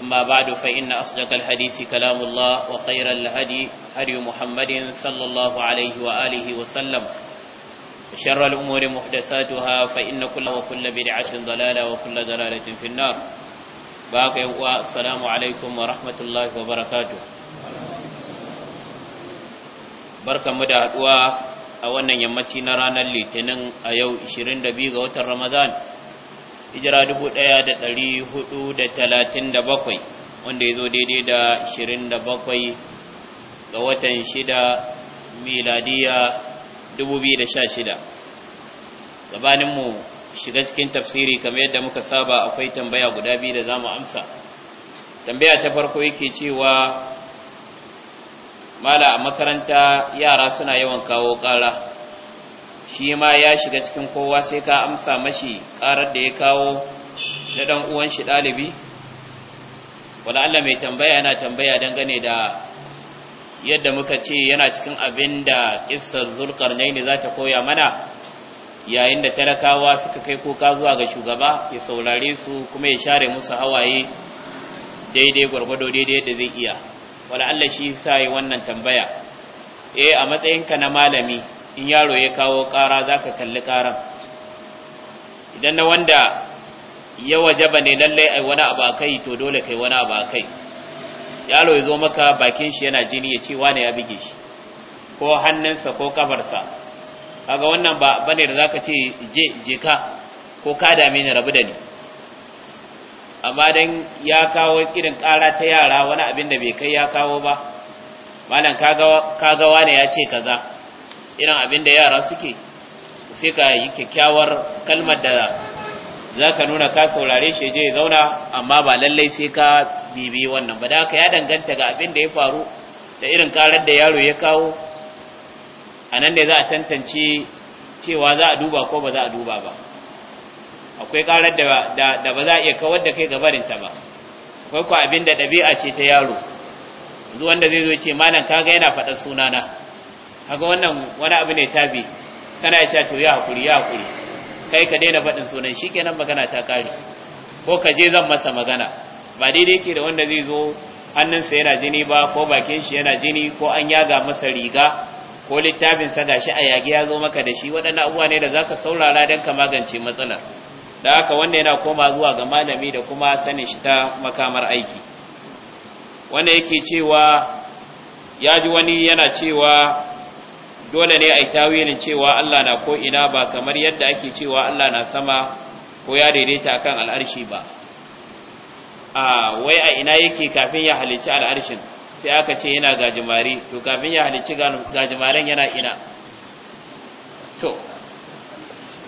أما بعد فإن أصدق الحديث كلام الله وخير الهدي هدي محمد صلى الله عليه وآله وسلم شر الأمور محدثاتها فإن كل وكل بدعة ضلالة وكل ضلالة في النار باقي والسلام عليكم ورحمة الله وبركاته بركة مدى أدواء أولا يمتين رانا اللي تنن أيو 22 ga watan Ramadan Ijira ɗaya da da hudu hijira 1437 wanda ya zo daidai da 27 ga watan 6 miladiya 2016 gabaninmu shiga cikin tafsiri kamar yadda muka saba akwai tambaya guda biyu da za mu amsa tambaya ta farko yake cewa mala a makaranta yara suna yawan kawo ƙara shi ma ya shiga cikin kowa sai ka amsa mashi karar da ya kawo na dan uwan shi dalibi wala Allah mai tambaya yana tambaya dangane da yadda muka ce yana cikin abin da kissar zulkarnain za ta koya mana yayin da talakawa suka kai kuka zuwa ga shugaba ya saurare su kuma ya share musu hawaye daidai gwargwado daidai da zai iya wala Allah shi sa wannan tambaya eh a matsayinka na malami in yaro ya kawo ƙara za ka kalli ƙaran idan na wanda ya wajaba ne lallai ai wani abu a kai to dole kai wani abu a kai yaro ya zo maka bakin shi yana jini ya ce wane ya bige shi ko hannunsa ko kafarsa kaga wannan ba bane da zaka ce je je ka ko ka dame ni rabu da ni amma dan ya kawo irin ƙara ta yara wani abin da bai kai ya kawo ba malam kaga kaga wane ya ce kaza irin abin da yara suke sai ka yi kyakkyawar kalmar da za ka nuna ka saurare shi je zauna amma ba lallai sai ka bibi wannan ba da haka ya danganta ga abin da ya faru da irin karar da yaro ya kawo a nan ne za a tantance cewa za a duba ko ba za a duba ba akwai karar da ba za a iya kawar da kai gabarinta ba akwai ku abin da ɗabi'a ce ta yaro zuwan wanda zai zo ce malam kaga yana faɗa sunana ga wannan wani abu ne tabi kana ya ce to ya hakuri ya hakuri kai ka daina faɗin sunan shi kenan magana ta kare ko ka je zan masa magana ba daidai ke da wanda zai zo hannunsa yana jini ba ko bakin shi yana jini ko an yaga masa riga ko littafin sa gashi a yage ya zo maka da shi waɗannan abubuwa ne da zaka saurara dan ka magance matsalar da haka wanda yana koma zuwa ga malami da kuma sanin shi ta makamar aiki wanda yake cewa ya ji wani yana cewa dole ne a yi tawilin cewa Allah na ko ina ba kamar yadda ake cewa Allah na sama ko ya daidaita akan al'arshi ba a wai a ina yake kafin ya halicci al'arshin sai aka ce yana gajimare to kafin ya halicci gajimaren yana ina to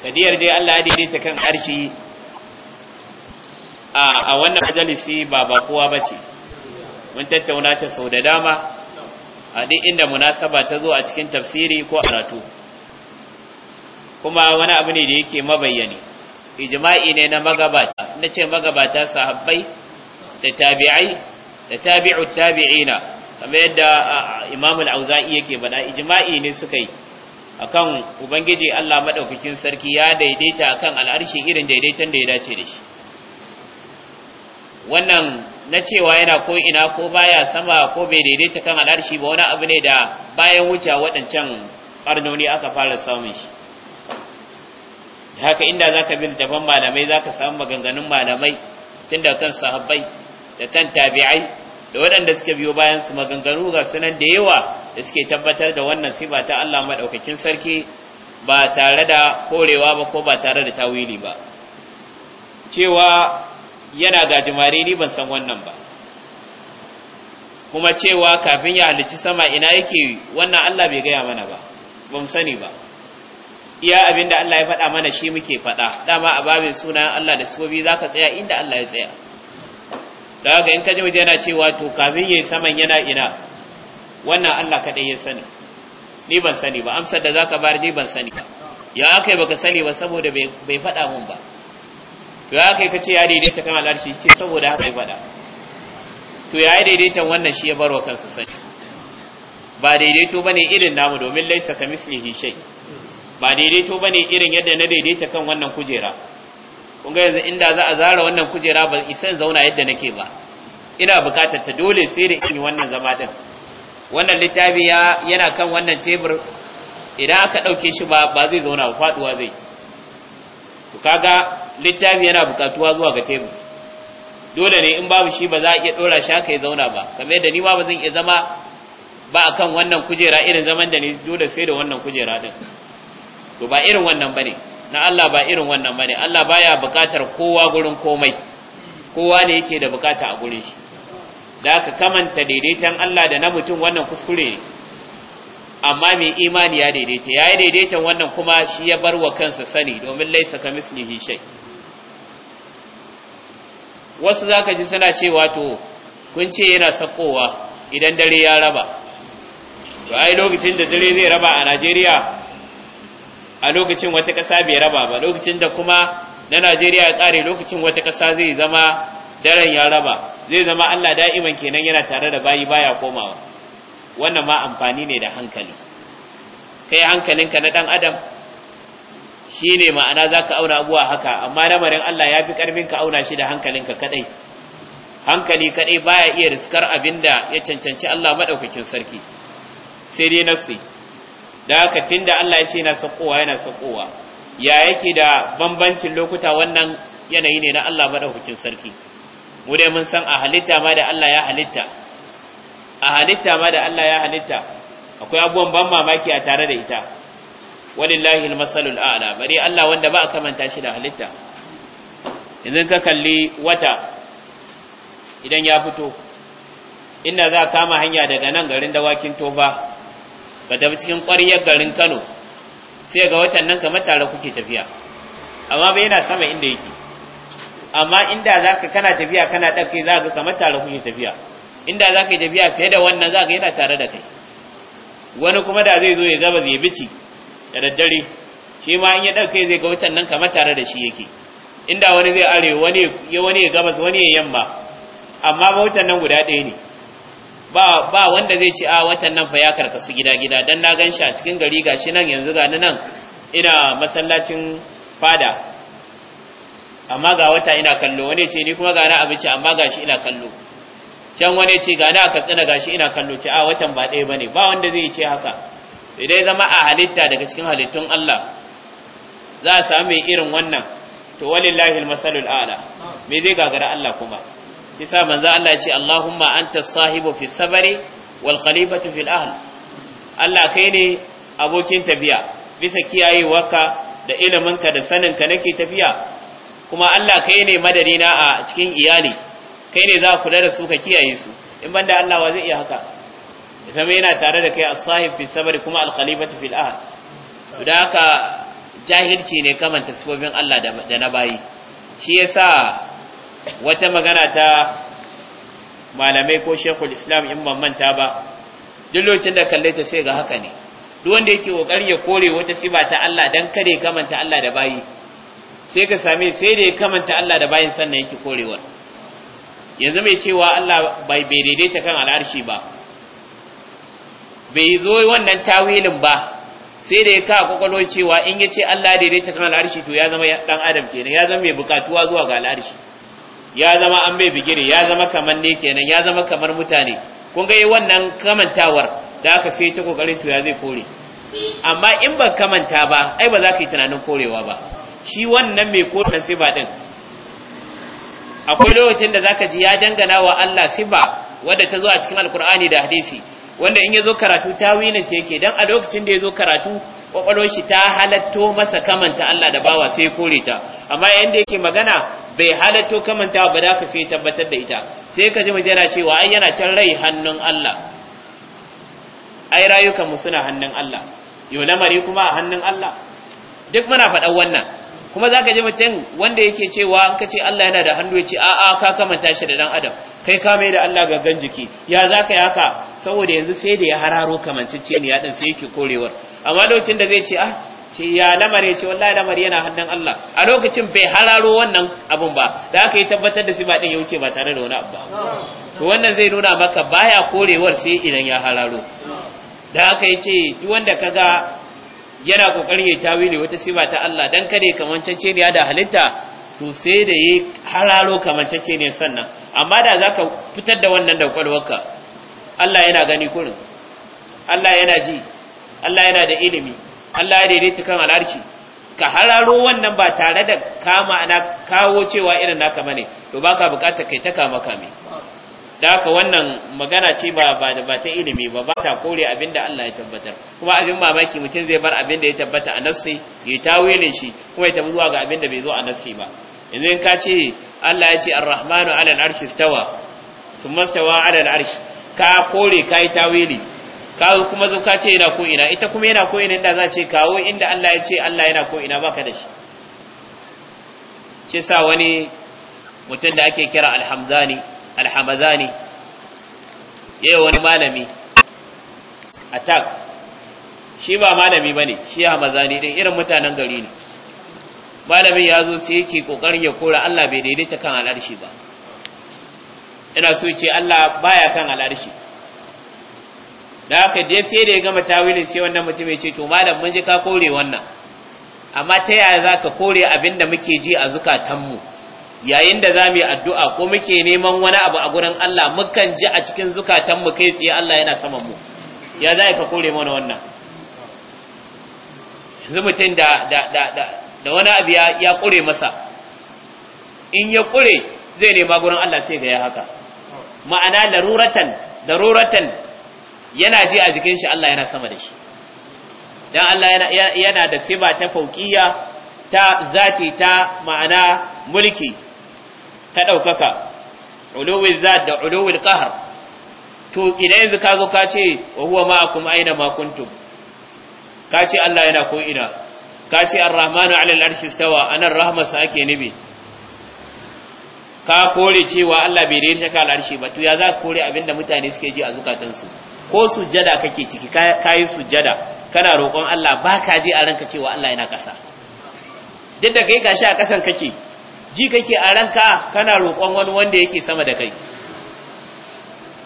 kadiyar dai Allah ya daidaita kan arshi a wannan majalisi ba ba kowa ce, mun tattauna ta sau da dama a duk inda munasaba ta zo a cikin tafsiri ko aratu kuma wani abu ne da yake mabayyani ijma'i ne na magabata na ce magabata sahabbai da tabi'ai da tabi'u tabi'ina kamar yadda imam al-auza'i yake bada ijma'i ne suka yi akan ubangiji Allah madaukakin sarki ya daidaita akan al'arshi irin daidaiton da ya dace da shi wannan na cewa yana ko ina ko baya sama ko bai daidaita kan al'arshi ba wani abu ne da bayan wuce waɗancan ƙarnoni aka fara samun shi haka inda zaka bi daban malamai zaka samu maganganun malamai tunda kan sahabbai da kan tabi'ai da waɗanda suka biyo bayan su maganganu ga sunan da yawa da suke tabbatar da wannan sifa ta Allah madaukakin sarki ba tare da korewa ba ko ba tare da tawili ba cewa yana gajimare ni ban san wannan ba kuma cewa kafin ya halicci sama ina yake wannan Allah bai gaya mana ba ba mu sani ba iya abin da Allah ya faɗa mana shi muke faɗa dama a babin sunan Allah da sobi za ka tsaya inda Allah ya tsaya da haka in ka ji waje yana cewa to kafin ya yi saman yana ina wannan Allah kaɗai ya sani ni ban sani ba amsar da za ka bayar ni ban sani ba ya aka yi baka sani ba saboda bai faɗa mun ba to ya kai ce ya daidaita kan al'arshi ce saboda haka ya faɗa to ya yi daidaitan wannan shi ya barwa kansa sani ba daidaito bane irin namu domin laisa ka mislihi shay ba daidaito bane irin yadda na daidaita kan wannan kujera kun ga yanzu inda za a zara wannan kujera ba isan zauna yadda nake ba ina bukatar ta dole sai da in yi wannan zama din wannan littafi ya yana kan wannan tebur idan aka dauke shi ba ba zai zauna ba faduwa zai to kaga littafi yana bukatuwa zuwa ga tebur dole ne in babu shi ba za a iya dora shi haka ya zauna ba kamar yadda ni ma ba zan iya zama ba akan wannan kujera irin zaman da ni dole sai da wannan kujera din to ba irin wannan bane na Allah ba irin wannan bane Allah baya bukatar kowa gurin komai kowa ne yake da bukata a gurin shi da aka kamanta daidaitan Allah da na mutum wannan kuskure ne amma mai imani ya daidaita ya yi daidaitan wannan kuma shi ya bar wa kansa sani domin laisa ka mislihi shai wasu za ka ji suna cewa to kun ce yana sakowa idan dare ya raba to ai lokacin da dare zai raba a najeriya a lokacin wata ƙasa bai raba ba lokacin da kuma na najeriya ya ƙare lokacin wata ƙasa zai zama daren ya raba zai zama allah da'iman kenan yana tare da bayi baya komawa wannan ma amfani ne da hankali kai hankalinka na ɗan adam Shi ne ma'ana za ka auna abuwa haka amma lamarin Allah ya fi karfin ka auna shi da hankalinka kaɗai, hankali kadai ya iya riskar abinda ya cancanci Allah maɗaukakin sarki sai dai nafsi da haka da Allah ya ce yana saƙowa yana saƙowa ya yake da bambancin lokuta wannan yanayi ne na Allah maɗaukakin sarki mu dai mun san a halitta ma da Allah ya halitta a halitta ma da Allah ya halitta akwai abubuwan ban mamaki a tare da ita walillahi almasalul a'la bari Allah wanda ba a manta shi da halitta idan ka kalli wata idan ya fito inda za kama hanya daga nan garin dawakin tofa ka tafi cikin ƙwaryar garin Kano sai ga watan nan kamar tare kuke tafiya amma ba yana sama inda yake amma inda ka kana tafiya kana ɗauke za ga kamar tare kuke tafiya inda za ka yi tafiya fiye da wannan za ga yana tare da kai wani kuma da zai zo ya gaba zai bici da daddare shi ma in ya ɗauke zai ga wutan nan kamar tare da shi yake inda wani zai are wani ya gabas wani ya yamma amma ba wutan nan guda ɗaya ne ba wanda zai ce a watan nan fa ya karkasu gida-gida don na gan shi a cikin gari ga shi nan yanzu ga nan ina masallacin fada amma ga wata ina kallo wani ce ni kuma ga na abinci amma ga shi ina kallo can wani ce ga na a katsina ga shi ina kallo ce a watan ba ɗaya ba ne ba wanda zai ce haka dai zama a halitta daga cikin halittun Allah za a sami irin wannan to walillahi almasalul a'la me zai gagara Allah kuma yasa manzo Allah ya ce Allahumma anta sahibu fi sabari wal khalifatu fil ahl Allah kai ne abokin tafiya bisa kiyayewarka da iliminka da saninka nake tafiya kuma Allah kai ne madarina a cikin iyali kai ne za ku kula da su ka kiyaye su in banda Allah wa zai iya haka ita mai yana tare da kai a sahib fi sabari kuma al-khalifatu fil ahad da haka jahilci ne kamanta sifofin Allah da na bayi shi yasa wata magana ta malamai ko shekul islam in ban manta ba duk lokacin da kalle ta sai ga haka ne duk wanda yake kokari ya kore wata siba ta Allah dan kare kamanta Allah da bayi sai ka same sai da ya kamanta Allah da bayin sannan yake korewa. yanzu mai cewa Allah bai daidaita kan al'arshi ba bai zo wannan tawilin ba sai da ya ka kwakwalwa cewa in ya ce Allah daidaita kan al'arshi to ya zama dan adam kenan ya zama mai bukatuwa zuwa ga al'arshi ya zama an bai bigire ya zama kamar ne kenan ya zama kamar mutane kun ga wannan kamantawar da aka sai ta kokarin to ya zai kore amma in ba kamanta ba ai ba za ka yi tunanin korewa ba shi wannan mai kore siba din akwai lokacin da zaka ji ya dangana wa Allah siba wadda ta zo a cikin alkur'ani da hadisi wanda in ya zo karatu tawilin ta yake dan a lokacin da ya zo karatu kwakwalwar shi ta halatto masa kamanta Allah da bawa sai kore ta amma yanda yake magana bai halatto kamanta ba da ka sai tabbatar da ita sai ka ji mu jira cewa ai yana can rai hannun Allah ai rayukan mu suna hannun Allah yau lamari kuma a hannun Allah duk muna faɗan wannan kuma za ka ji mutum wanda yake cewa an ka Allah yana da hannu ya ce a'a ka kamanta shi da dan adam kai ka mai da Allah gan jiki ya za ka yi haka saboda yanzu sai da ya hararo ne ya ɗin sai yake korewar amma lokacin da zai ce ah ce ya lamare ce wallahi lamari yana hannun Allah a lokacin bai hararo wannan abun ba da aka yi tabbatar da ba ɗin ya wuce ba tare da wani abu ba wannan zai nuna maka baya korewar sai idan ya hararo da aka yi ce duk wanda ka ga yana kokarin ya tawili wata sifa ta Allah dan kare cece ne da halitta to sai da yi hararo cece ne sannan amma da zaka fitar da wannan da kwalwarka Allah yana gani kurin Allah yana ji Allah yana da ilimi Allah ya daidaita kan al'arshi ka hararo wannan ba tare da kama ana kawo cewa irin naka bane to baka bukatar kai ta kama kame da haka wannan magana ce ba ba ta ilimi ba ba ta kore abin da Allah ya tabbatar kuma abin mamaki mutum zai bar abin da ya tabbata a nassi ya tawilin shi kuma ya tabu zuwa ga abin da bai zo a nassi ba yanzu in ka ce Allah ya ce ar-rahmanu 'ala al-arshi istawa thumma istawa 'ala al-arshi ka kore kai tawili ka kuma zo ka ce yana ko ina ita kuma yana ko ina inda za ce kawo inda Allah ya ce Allah yana ko ina baka da shi shi sa wani mutum da ake kira alhamzani alhamazani yayi wani malami attack shi ba malami bane shi hamazani din irin mutanen gari ne malamin ya zo sai yake kokarin ya kora Allah bai daidaita kan al'arshi ba ina so ce Allah baya kan al'arshi da haka dai sai da ya gama tawilin sai wannan mutum ya ce to malam mun ji ka kore wannan amma ta yaya za ka kore abinda muke ji a zukatanmu yayin da za mu yi addu'a ko muke neman wani abu a gurin Allah mukan ji a cikin zukatan mu kai tsaye Allah yana saman mu ya za ka kore mana wannan yanzu mutum da da wani abu ya kure masa in ya kure zai nema gurin Allah sai ga ya haka ma'ana laruratan daruratan yana ji a jikin shi Allah yana sama da shi dan Allah yana da siba ta fauƙiya ta zati ta ma'ana mulki ta ɗaukaka uluwin zad da uluwin ƙahar to idan yanzu ka zo ka ce wa huwa ma'akum aina ma kuntum ka ce Allah yana ko ina ka ce ar-rahmanu 'ala al-arshi istawa anan ake nibi ka kore cewa Allah bai rinta ka al'arshi ba to ya za ka kore abinda mutane suke ji a zukatansu ko sujada kake ciki kayi sujada kana roƙon Allah ba ka ji a ranka cewa Allah yana ƙasa duk da kai gashi a ƙasan kake ji kake a ranka kana roƙon wani wanda yake sama da kai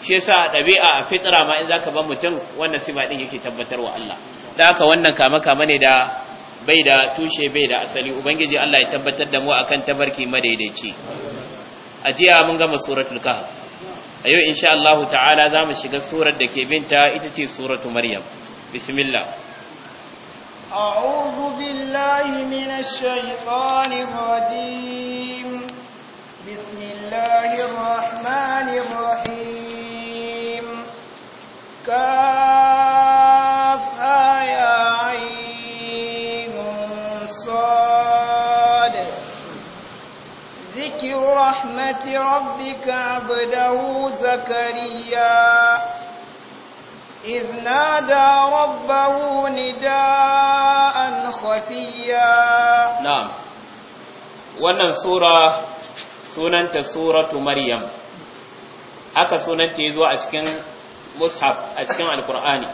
shi yasa ɗabi'a a fitra ma in zaka ban mutum wannan sifa din yake tabbatarwa Allah dan haka wannan kama kama ne da bai da tushe bai da asali ubangiji Allah ya tabbatar da mu akan tabarki madaidaici a jiya mun gama suratul kahf a yau insha Allah ta'ala zamu shiga surar da ke binta ita ce suratu maryam bismillah أعوذ بالله من الشيطان الرجيم بسم الله الرحمن الرحيم كاف آي عين صاد ذكر رحمة ربك عبده زكريا إذ نادى ربه نداء خفيا نعم wannan sura sunanta suratu maryam haka sunanta ya zo a cikin mushaf a cikin alkur'ani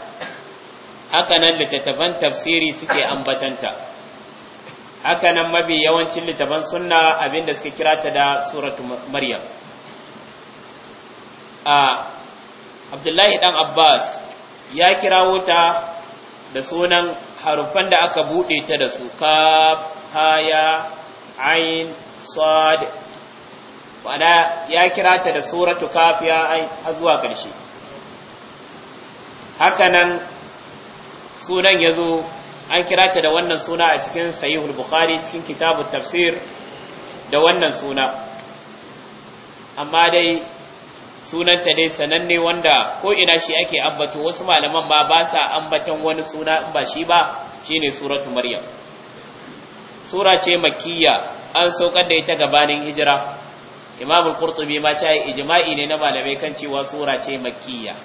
haka nan littattafan tafsiri suke ambatanta haka nan mabi yawancin littattafan sunna abinda suke kira ta da suratu maryam a abdullahi dan abbas ya kira wuta da sunan harufan da aka buɗe ta da su kaf haya ain sad Wala ya kira ta da suratu kafiya ain zuwa ƙarshe haka nan sunan yazo an kira ta da wannan suna a cikin sahihul bukhari cikin kitabut tafsir da wannan suna amma dai sunanta dai sananne wanda ko ina shi ake ambato wasu malaman ba ba sa ambaton wani suna ba shi ba shine suratu maryam sura ce makkiya an saukar da ita gabanin hijira imamu qurtubi ma ta ijma'i ne na malamai kan cewa sura ce makkiya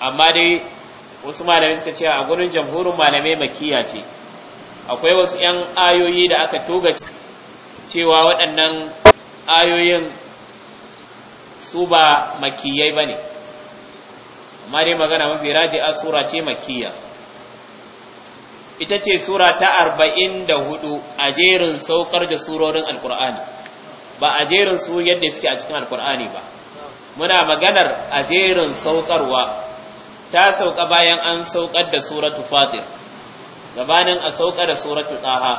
amma dai wasu malamai suka ce a gurin jamhurin malamai makkiya ce akwai wasu 'yan ayoyi da aka toga cewa waɗannan ayoyin su ba makiyai ba ne amma dai magana mafi raji a sura ce makiya ita ce sura ta arba'in da hudu a jerin saukar da surorin alkur'ani ba a jerin su yadda suke a cikin alkur'ani ba muna maganar a jerin saukarwa ta sauka bayan an saukar da suratu fatir gabanin a sauka da suratu tsaha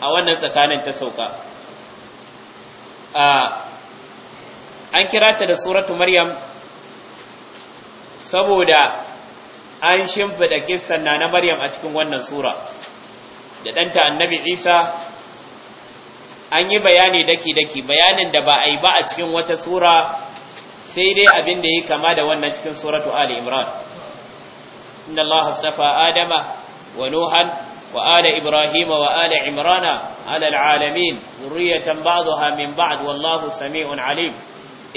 a wannan tsakanin ta sauka an kira ta da suratu maryam saboda an shimfida kissan na na maryam a cikin wannan sura da ɗanta annabi isa an yi bayani daki-daki bayanin da ba a yi ba a cikin wata sura sai dai abin da ya kama da wannan cikin suratu ali imran inna allaha astafa adama wa nuhan Ibrahim wa وآل Imrana على العالمين ذرية بعضها من بعد wallahu سميع alim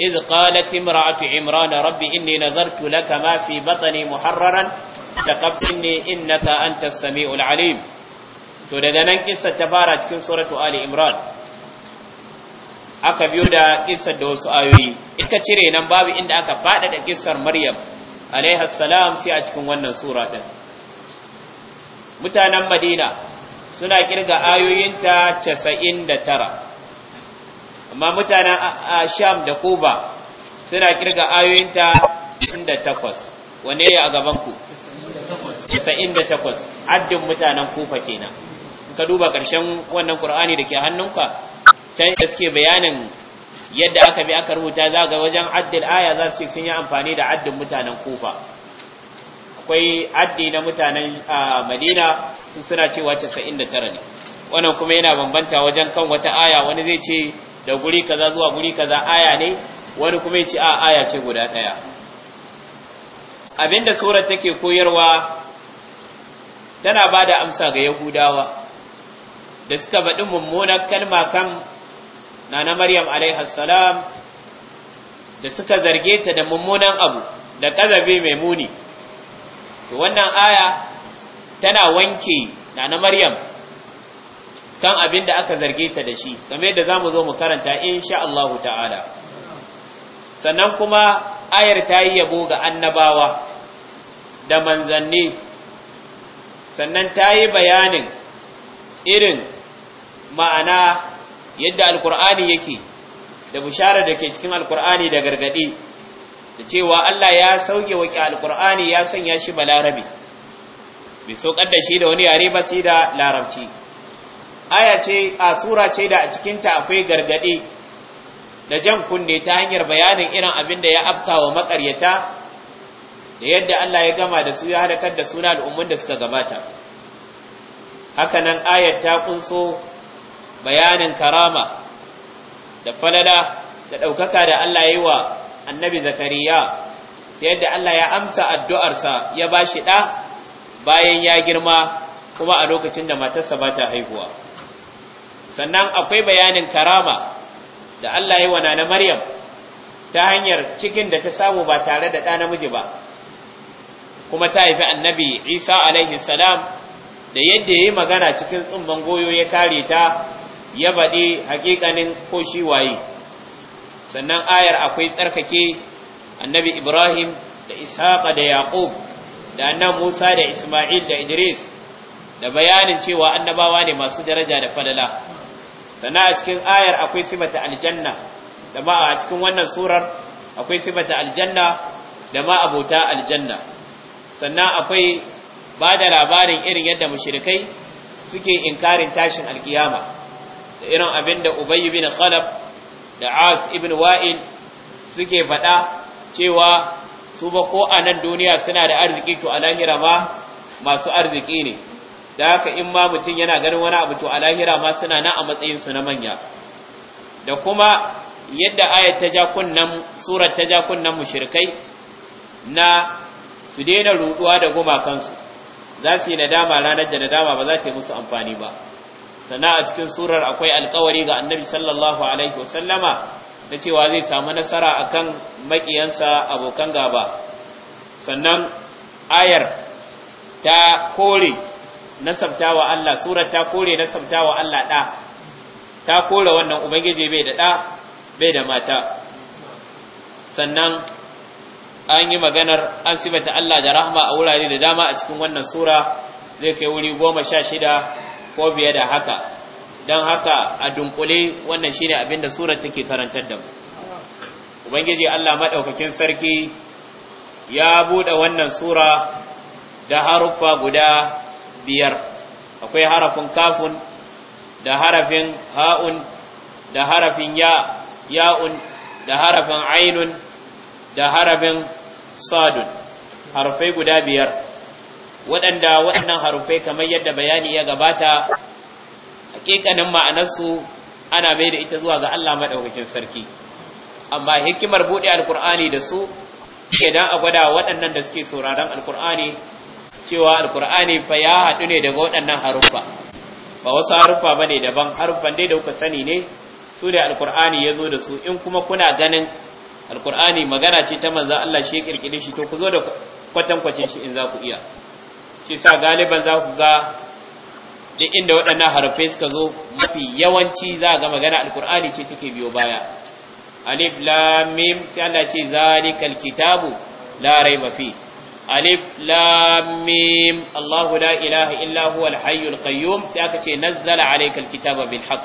إذ قالت امرأة عمران ربي إني نذرت لك ما في بطني محررا تقبلني إنك أنت السميع العليم تددنا قصة fara كن سورة آل عمران aka biyo da kisar da wasu ayoyi ita cire nan babu inda aka faɗaɗa kisar maryam alaihi salam sai a cikin wannan sura ɗin mutanen madina suna kirga ayoyinta casa'in da tara amma mutanen sham da kuba suna kirga ayoyinta 98 wane ya a gabanku 98 addin mutanen kufa kenan ka duba ƙarshen wannan Kur'ani da ke hannunka can da suke bayanin yadda aka bi aka rubuta za ga wajen addin aya za su ce sun yi amfani da addin mutanen kufa akwai addi na mutanen madina suna cewa 99 ne wannan kuma yana bambanta wajen kan wata aya wani zai ce da guri kaza zuwa guri kaza aya ne wani kuma ya ce a aya ce guda ɗaya abinda surar take koyarwa tana ba da amsa ga yahudawa da suka baɗi mummunar kalma kan nana maryam alaihassalam da suka zarge ta da mummunan abu da ƙazabe mai muni wannan aya tana wanke nana maryam kan abin da aka zarge ta da shi kamar yadda zamu zo mu karanta insha Allahu ta'ala sannan kuma ayar ta yi yabo ga annabawa da manzanni sannan ta yi bayanin irin ma'ana yadda alkur'ani yake da bishara da ke cikin alkur'ani da gargadi da cewa Allah ya sauke waki alkur'ani ya sanya shi balarabi bai saukar da shi da wani yare ba da larabci aya ce a sura ce da a cikinta akwai gargaɗe da jan kunne ta hanyar bayanin irin abin da ya afka wa makaryata da yadda Allah ya gama da su ya halakar da suna al'ummun da suka gabata Haka nan ayat ta kunso bayanin karama da falala da ɗaukaka da Allah ya yi wa annabi zakariya ta yadda Allah ya amsa addu'arsa ya ba shi ɗa bayan ya girma kuma a lokacin da matarsa ba ta haihuwa sannan akwai bayanin karama da Allah ya wana na Maryam ta hanyar cikin da ta samu ba tare da ɗa namiji ba kuma ta haifi annabi Isa alaihi salam da yadda ya yi magana cikin tsumban goyo ya kare ta ya baɗi hakikanin ko shi waye sannan ayar akwai tsarkake annabi Ibrahim da Isaka da Yaqub da annabi Musa da Ismail da Idris da bayanin cewa annabawa ne masu daraja da fadala sannan a cikin ayar akwai sifata aljanna da ma a cikin wannan surar akwai sifata aljanna da ma abota aljanna sannan akwai ba da labarin irin yadda mushrikai suke inkarin tashin alkiyama da irin abin da ubayy bin khalaf da as ibn wa'il suke faɗa cewa su ba ko a nan duniya suna da arziki to a lahira ma masu arziki ne da haka in ma mutum yana ganin wani abu to alahira ma suna na a matsayinsu na manya da kuma yadda ayat ta ja kunnan surar ta ja kunnan mushrikai na su daina ruduwa da gumakansu za su yi nadama ranar da nadama ba za ta yi musu amfani ba sana a cikin surar akwai alkawari ga annabi sallallahu alaihi wasallama na cewa zai samu nasara akan makiyansa abokan gaba sannan ayar ta kore nasabta wa Allah surar ta kore nasabta wa Allah ɗa ta kore wannan ubangiji bai da ɗa bai da mata sannan an yi maganar an sifata Allah da rahma a wurare da dama a cikin wannan sura zai kai wuri goma sha shida ko biye da haka don haka a dunkule wannan shine abin da surar take karantar da mu ubangiji Allah maɗaukakin sarki ya buɗe wannan sura da haruffa guda biyar akwai harafin kafun da harafin ha'un da harafin ya'un da harafin ainun da harafin sadun harafai guda biyar waɗanda waɗannan harafai kamar yadda bayani ya gabata hakikanin ma'anarsu ana bai da ita zuwa ga Allah maɗaukakin sarki amma hikimar buɗe alkur'ani da su idan a gwada waɗannan da suke sauraron alkur'ani cewa alkur'ani fa ya haɗu ne daga waɗannan haruffa ba wasu haruffa ba ne daban haruffan dai da kuka sani ne su ne alkur'ani ya zo da su in kuma kuna ganin alkur'ani magana ce ta manzan Allah shi ya kirkire shi to ku zo da kwatankwacin shi in za ku iya shi sa galiban za ku ga duk inda waɗannan haruffai suka zo mafi yawanci za ga magana alkur'ani ce take biyo baya alif lam mim sai Allah ce zalikal kitabu la raiba fihi alif lam mim Allahu la ilaha illa huwa al qayyum sai aka ce nazzala alayka al-kitaba bil haqq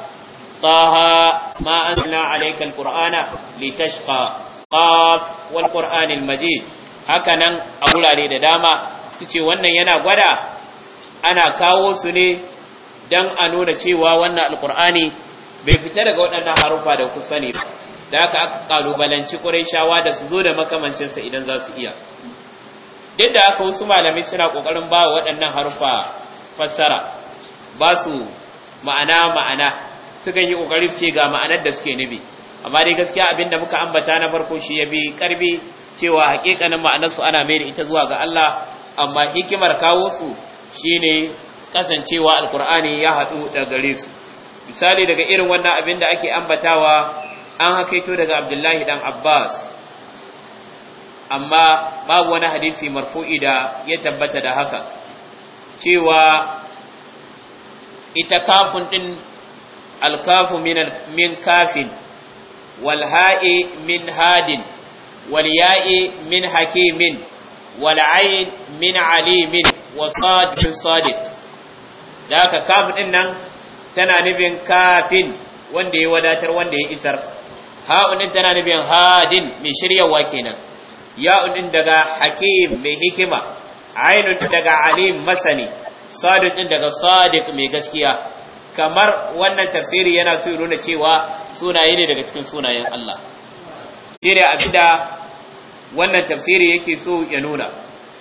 taha ma anzalna alayka al-qur'ana litashqa qaf wal qur'an al-majid haka nan a wurare da dama ce wannan yana gwada ana kawo su ne dan a nuna cewa wannan alqur'ani bai fita daga waɗannan harufa da ku sani ba da haka aka kalubalanci Qurayshawa da su zo da makamancinsa idan za su iya duk da aka wasu malamai suna kokarin ba waɗannan harfa fassara ba su ma'ana ma'ana suka yi kokari ce ga ma'anar da suke nubi amma dai gaskiya abin da muka ambata na farko shi ya bi karbi cewa hakikanin ma'anar su ana mai da ita zuwa ga Allah amma hikimar kawo su shine kasancewa alkur'ani ya haɗu da gare su misali daga irin wannan abin da ake ambatawa an hakaito daga abdullahi dan abbas amma babu wani hadisi marfu'i da ya tabbata da haka cewa ita kafin din alkafu min kafin walha'i min hadin walya'i min hakimin wal'ayin min alimin wasad min sadiq da aka kafin din nan tana nufin kafin wanda ya wadatar wanda ya isar ha'unin tana nufin hadin mai shiryawa kenan Ya'u ɗin daga hakim mai hikima ainun daga alim masani sadiq din daga sadiq mai gaskiya kamar wannan tafsiri yana so nuna cewa sunaye ne daga cikin sunayen Allah dire abinda wannan tafsiri yake so ya nuna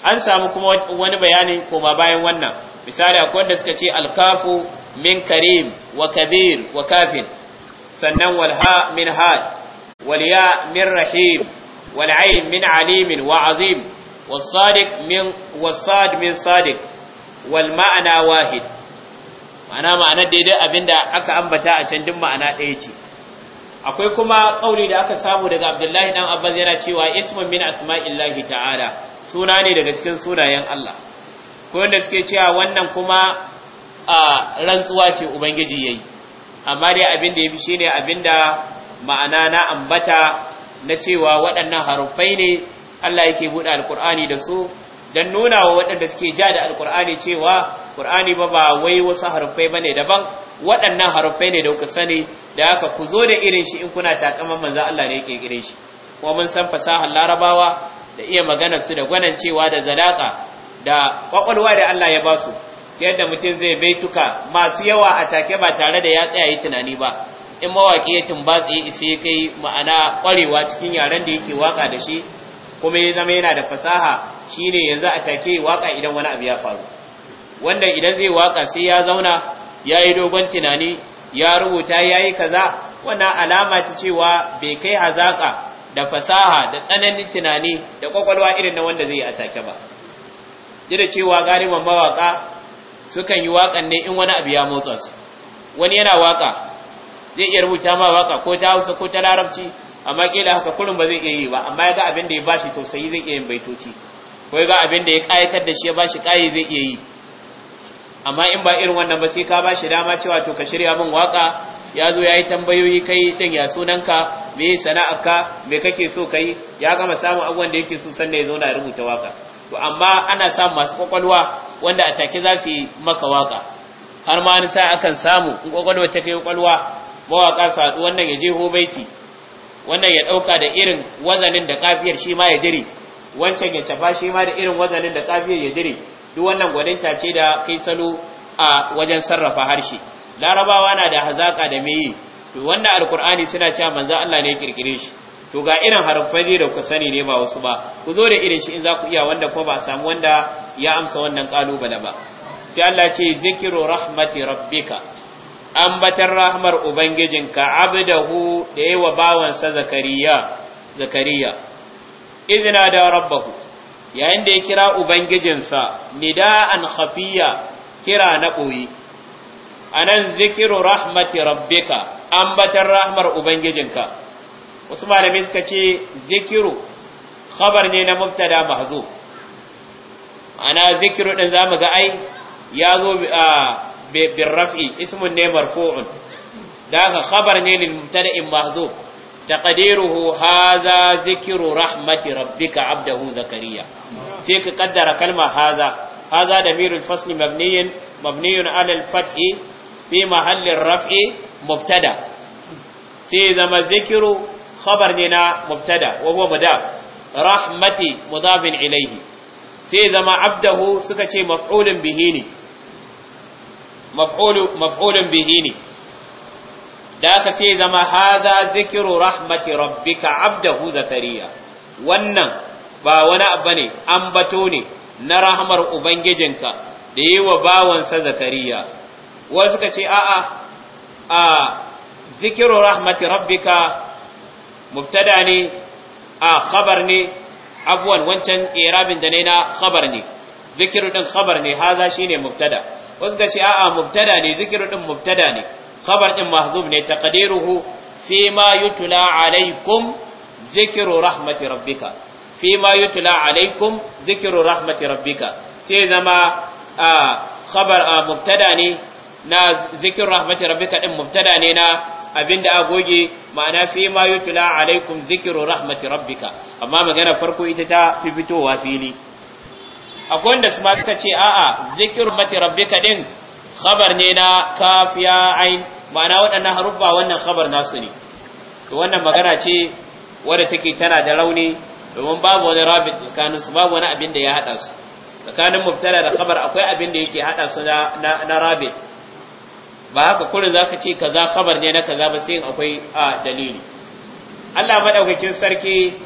an samu kuma wani bayanin koma bayan wannan misali akwai wanda suka ce alkafu min karim wa kabir wa kafin sannan walha min had wal ya min rahim والعين من عليم وعظيم والصادق من والصاد من صادق والمعنى واحد ma'ana ma'ana daidai abinda aka ambata a can duk ma'ana ɗaya ce akwai kuma ƙauli da aka samu daga Abdullahi dan Abbas yana cewa ismun min asma'illahi ta'ala suna ne daga cikin sunayen Allah ko wanda suke cewa wannan kuma a rantsuwa ce ubangiji yayi amma dai abinda yafi shine abinda ma'ana na ambata na cewa waɗannan harufai ne Allah yake buɗe alkur'ani da su don nuna wa waɗanda suke ja da alkur'ani cewa ƙur'ani ba ba wai wasu haruffai ba ne daban waɗannan haruffai ne da kuka sani da haka ku zo da irin shi in kuna takaman manzan Allah ne yake gire shi kuma mun san fasahar larabawa da iya maganar su da gwanan cewa da zalaka da ƙwaƙwalwa da Allah ya ba su yadda mutum zai bai tuka masu yawa a take ba tare da ya tsaya yi tunani ba in mawaki ya tumbatse sai kai ma'ana kwarewa cikin yaren da yake waka da shi kuma ya zama yana da fasaha shine yanzu a take waka idan wani abu ya faru wanda idan zai waka sai ya zauna ya yi dogon tunani ya rubuta ya yi kaza wannan alama ta cewa bai kai hazaƙa da fasaha da tsananin tunani da ƙwaƙwalwa irin na wanda zai yi a ba da cewa gariban mawaka sukan yi wakan ne in wani abu ya motsa su wani yana waƙa zai iya rubuta ma waka ko ta hausa ko ta larabci amma kila haka kurin ba zai iya yi ba amma ya ga abin da ya bashi tausayi zai iya yin baitoci ko ya ga abin da ya kayatar da shi ya bashi kayi zai iya yi amma in ba irin wannan ba sai ka bashi dama cewa to ka shirya min waka ya zo ya yi tambayoyi kai din ya sunanka me ka? me kake so kai ya gama samun abubuwan da yake so sannan ya zo na rubuta waka to amma ana samun masu kwakwalwa wanda a take za su yi maka waka har ma wani sa akan samu in kwakwalwa ta kwakwalwa mawaƙa su wannan ya je baiti wannan ya ɗauka da irin wazanin da kafiyar shi ma ya dire wancan ya tafa shi ma da irin wazanin da kafiyar ya dire duk wannan gwaninta ce da kai salo a wajen sarrafa harshe larabawa na da hazaƙa da meye to wannan alkur'ani suna cewa manzo Allah ne ya kirkire shi to ga irin ne da ku sani ne ba wasu ba ku zo da irin shi in za ku iya wanda ko ba a samu wanda ya amsa wannan kalubale ba sai Allah ce zikiru rahmati rabbika ambatar rahmar ubangijinka abdahu da yawa bawansa zakariya zakariya idna da rabbahu yayin da ya kira ubangijinsa nida'an khafiya kira na boye anan zikiru rahmati rabbika ambatar rahmar ubangijinka wasu malamai suka ce zikiru khabar ne na mubtada mahzu, ana zikiru din zamu ga ai ya zo a bin raf'i ismun ne marfu'un da haka khabar ne lil mubtada'in mahzuf taqdiruhu hadha rahmati rabbika abdahu zakariya sai ka kaddara kalma hadha hadha damirul fasli mabniyin mabniyun ala al fathi fi mahalli raf'i sai zama zikru khabar ne na mubtada wa huwa sai abdahu suka ce maf'ulun bihi maf'ulun bihi ne da aka ce zama haza zikiru rahmati rabbika abdahu zakariya wannan ba wani abu ne ambato ne na rahmar ubangijinka da yi wa bawansa zakariya wasu suka ce a'a a zikiru rahmati rabbika mubtada ne a khabar ne abuwan wancan irabin da ne na khabar ne zikiru din khabar ne haza shine mubtada wasu ka ce a'a mubtada ne zikiru din mubtada ne khabar din mahzub ne taqdiruhu fi ma yutla alaikum zikiru rahmati rabbika fi ma yutla alaikum zikiru rahmati rabbika sai zama a khabar a mubtada ne na zikiru rahmati rabbika din mubtada ne na abinda a goge ma'ana fi ma yutla alaikum zikiru rahmati rabbika amma magana farko ita ta fi fitowa fili akwai wanda su ma suka ce a'a zikir mati rabbika din khabar ne na kafiya ain ma'ana waɗannan haruffa wannan khabar nasu ne to wannan magana ce wadda take tana da rauni domin babu wani rabit tsakanin su babu wani abin da ya hada su tsakanin mubtala da khabar akwai abin da yake haɗa su na na ba haka za zaka ce kaza khabar ne na kaza ba sai akwai a dalili Allah madaukakin sarki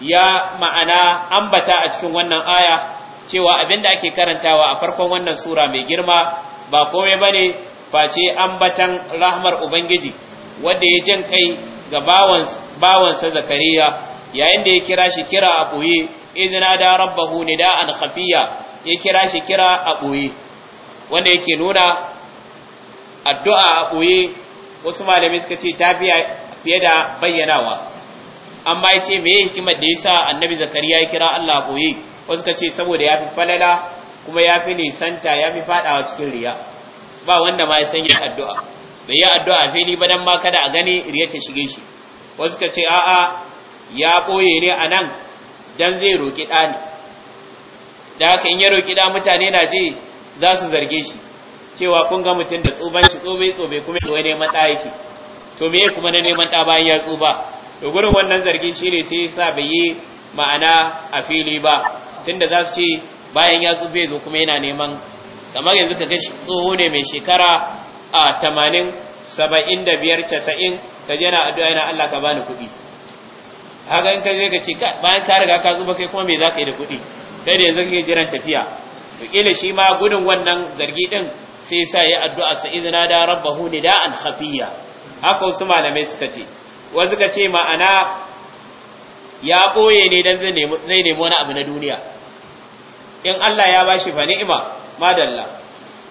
ya ma'ana ambata a cikin wannan aya cewa abin da ake karantawa a farkon wannan sura mai girma ba komai bane face ambatan rahmar ubangiji wanda ya jin kai ga bawansa zakariya yayin da ya kira shi kira a ɓoye Izina da rabbahu an khafiya ya kira shi kira a ɓoye wanda yake nuna addu'a a ɓoye wasu malamai suka ce ta fiye da bayyanawa amma ya ce me hikimar da ya sa annabi zakariya ya kira Allah a ɓoye wasu ka ce saboda ya fi falala kuma ya fi nisanta ya fi fadawa cikin riya ba wanda ma ya san yin addu'a bai yi addu'a a fili ba dan ma kada a gani riya ta shige shi wasu ka ce a'a ya ɓoye ne a nan don zai roƙi ɗa ne da haka in ya roƙi ɗa mutane na je za su zarge shi cewa kun ga mutum da tsoban shi tsobe tsobe kuma yi neman ɗa yake to me kuma na neman ɗa bayan ya tsoba to gurin wannan zargin shi ne sai sa bai yi ma'ana a fili ba tunda za su ce bayan ya tsufe zo kuma yana neman kamar yanzu ka ga tsoho ne mai shekara a tamanin saba'in da biyar casa'in ka je na addu'a yana Allah ka bani kuɗi haka in ka je ka ce bayan ka riga ka zuba kai kuma me za ka yi da kuɗi kai da yanzu kake jiran tafiya to kila shi ma gudun wannan zargi din sai sa yi addu'a sa izina da rabbahu nida'an khafiya haka wasu malamai suka ce wasu ka ce ma'ana ya ɓoye ne dan zai nemi wani abu na duniya in Allah ya bashi fa ni'ima madalla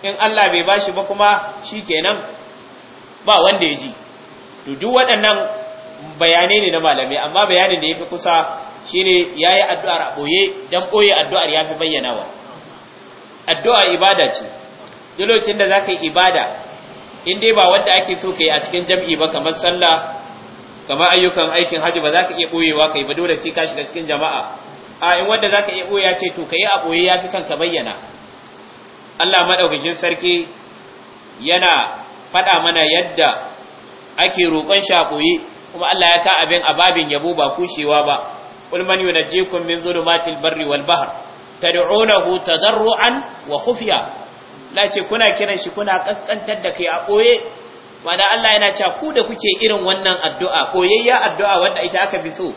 in Allah bai bashi ba kuma shikenan ba wanda ya ji to duk waɗannan bayanai ne na malamai amma bayanin da yafi kusa shine yayi addu'ar a boye dan boye addu'ar yafi bayyanawa addu'a ibada ce duk lokacin da zaka yi ibada in dai ba wanda ake so kai a cikin jam'i ba kamar sallah kamar ayyukan aikin haji ba za ka iya boyewa kai ba dole sai ka shiga cikin jama'a a in wanda za ka iya boya ce to ka yi a ya fi kanka bayyana Allah maɗaukakin sarki yana faɗa mana yadda ake roƙon shi a kuma Allah ya ka abin babin yabo ba kushewa ba qul man yunajjikum min zulumatil barri wal bahr tad'unahu tadarruan wa khufiya ce kuna kiran shi kuna ƙasƙantar da kai a ɓoye? wanda Allah yana cewa ku da kuke irin wannan addu'a koyayya addu'a wanda ita aka fi so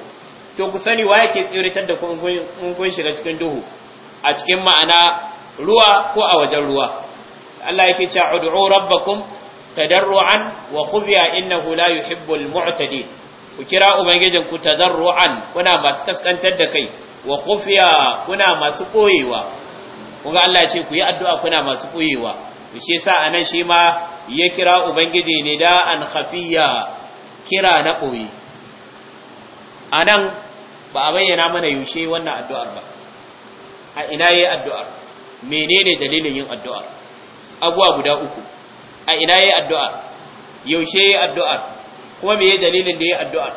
to ku sani wa yake tsiritar da kun shiga cikin duhu a cikin ma'ana ruwa ko a wajen ruwa Allah yake cewa ud'u rabbakum tadarruan wa khufiya innahu la yuhibbul mu'tadin ku kira ubangijin ku tadarruan kuna masu taskantar da kai wa khufiya kuna masu koyewa ga Allah ya ce ku yi addu'a kuna masu koyewa shi yasa anan shi ma ya kira ubangiji ne da an khafiya kira na koyi anan ba a bayyana mana yaushe wannan addu'ar ba a ina yi addu'ar menene dalilin yin addu'ar abuwa guda uku a ina yi addu'ar yaushe yi addu'ar kuma meye dalilin da yi addu'ar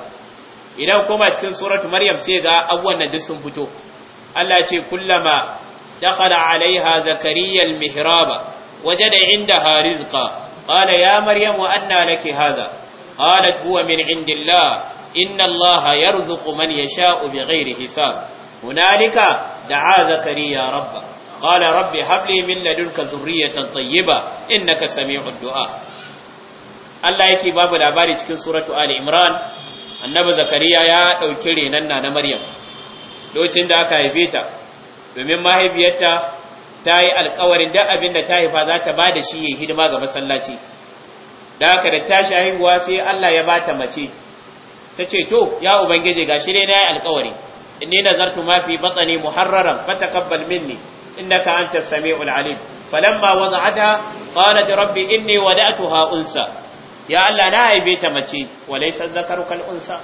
idan kuma cikin suratu maryam sai ga abuwan nan duk sun fito Allah ce kullama dakhala alaiha zakariya almihraba wajada indaha rizqa qala ya maryam wa anna laki hadha qalat huwa min indillah inna allaha yarzuqu man yasha'u bighairi hisab hunalika da'a zakariya rabba qala rabbi habli min ladunka dhurriyatan tayyiba innaka sami'ud du'a Allah yake babu labari cikin suratu ali imran annabi zakariya ya ɗauki renan na na maryam lokacin da aka haife ta domin mahaifiyarta ta yi alkawarin da abin da ta haifa za ta ba da shi ya hidima ga masallaci da haka da tashi haihuwa sai Allah ya ba ta mace ta ce to ya ubangiji gashi dai na yi alkawari inni zartu ma fi batni muharraran fataqabbal minni innaka antas samiul alim falamma wada'ata qalat rabbi inni tuha unsa ya Allah na haife ta mace walaysa zakaru kal unsa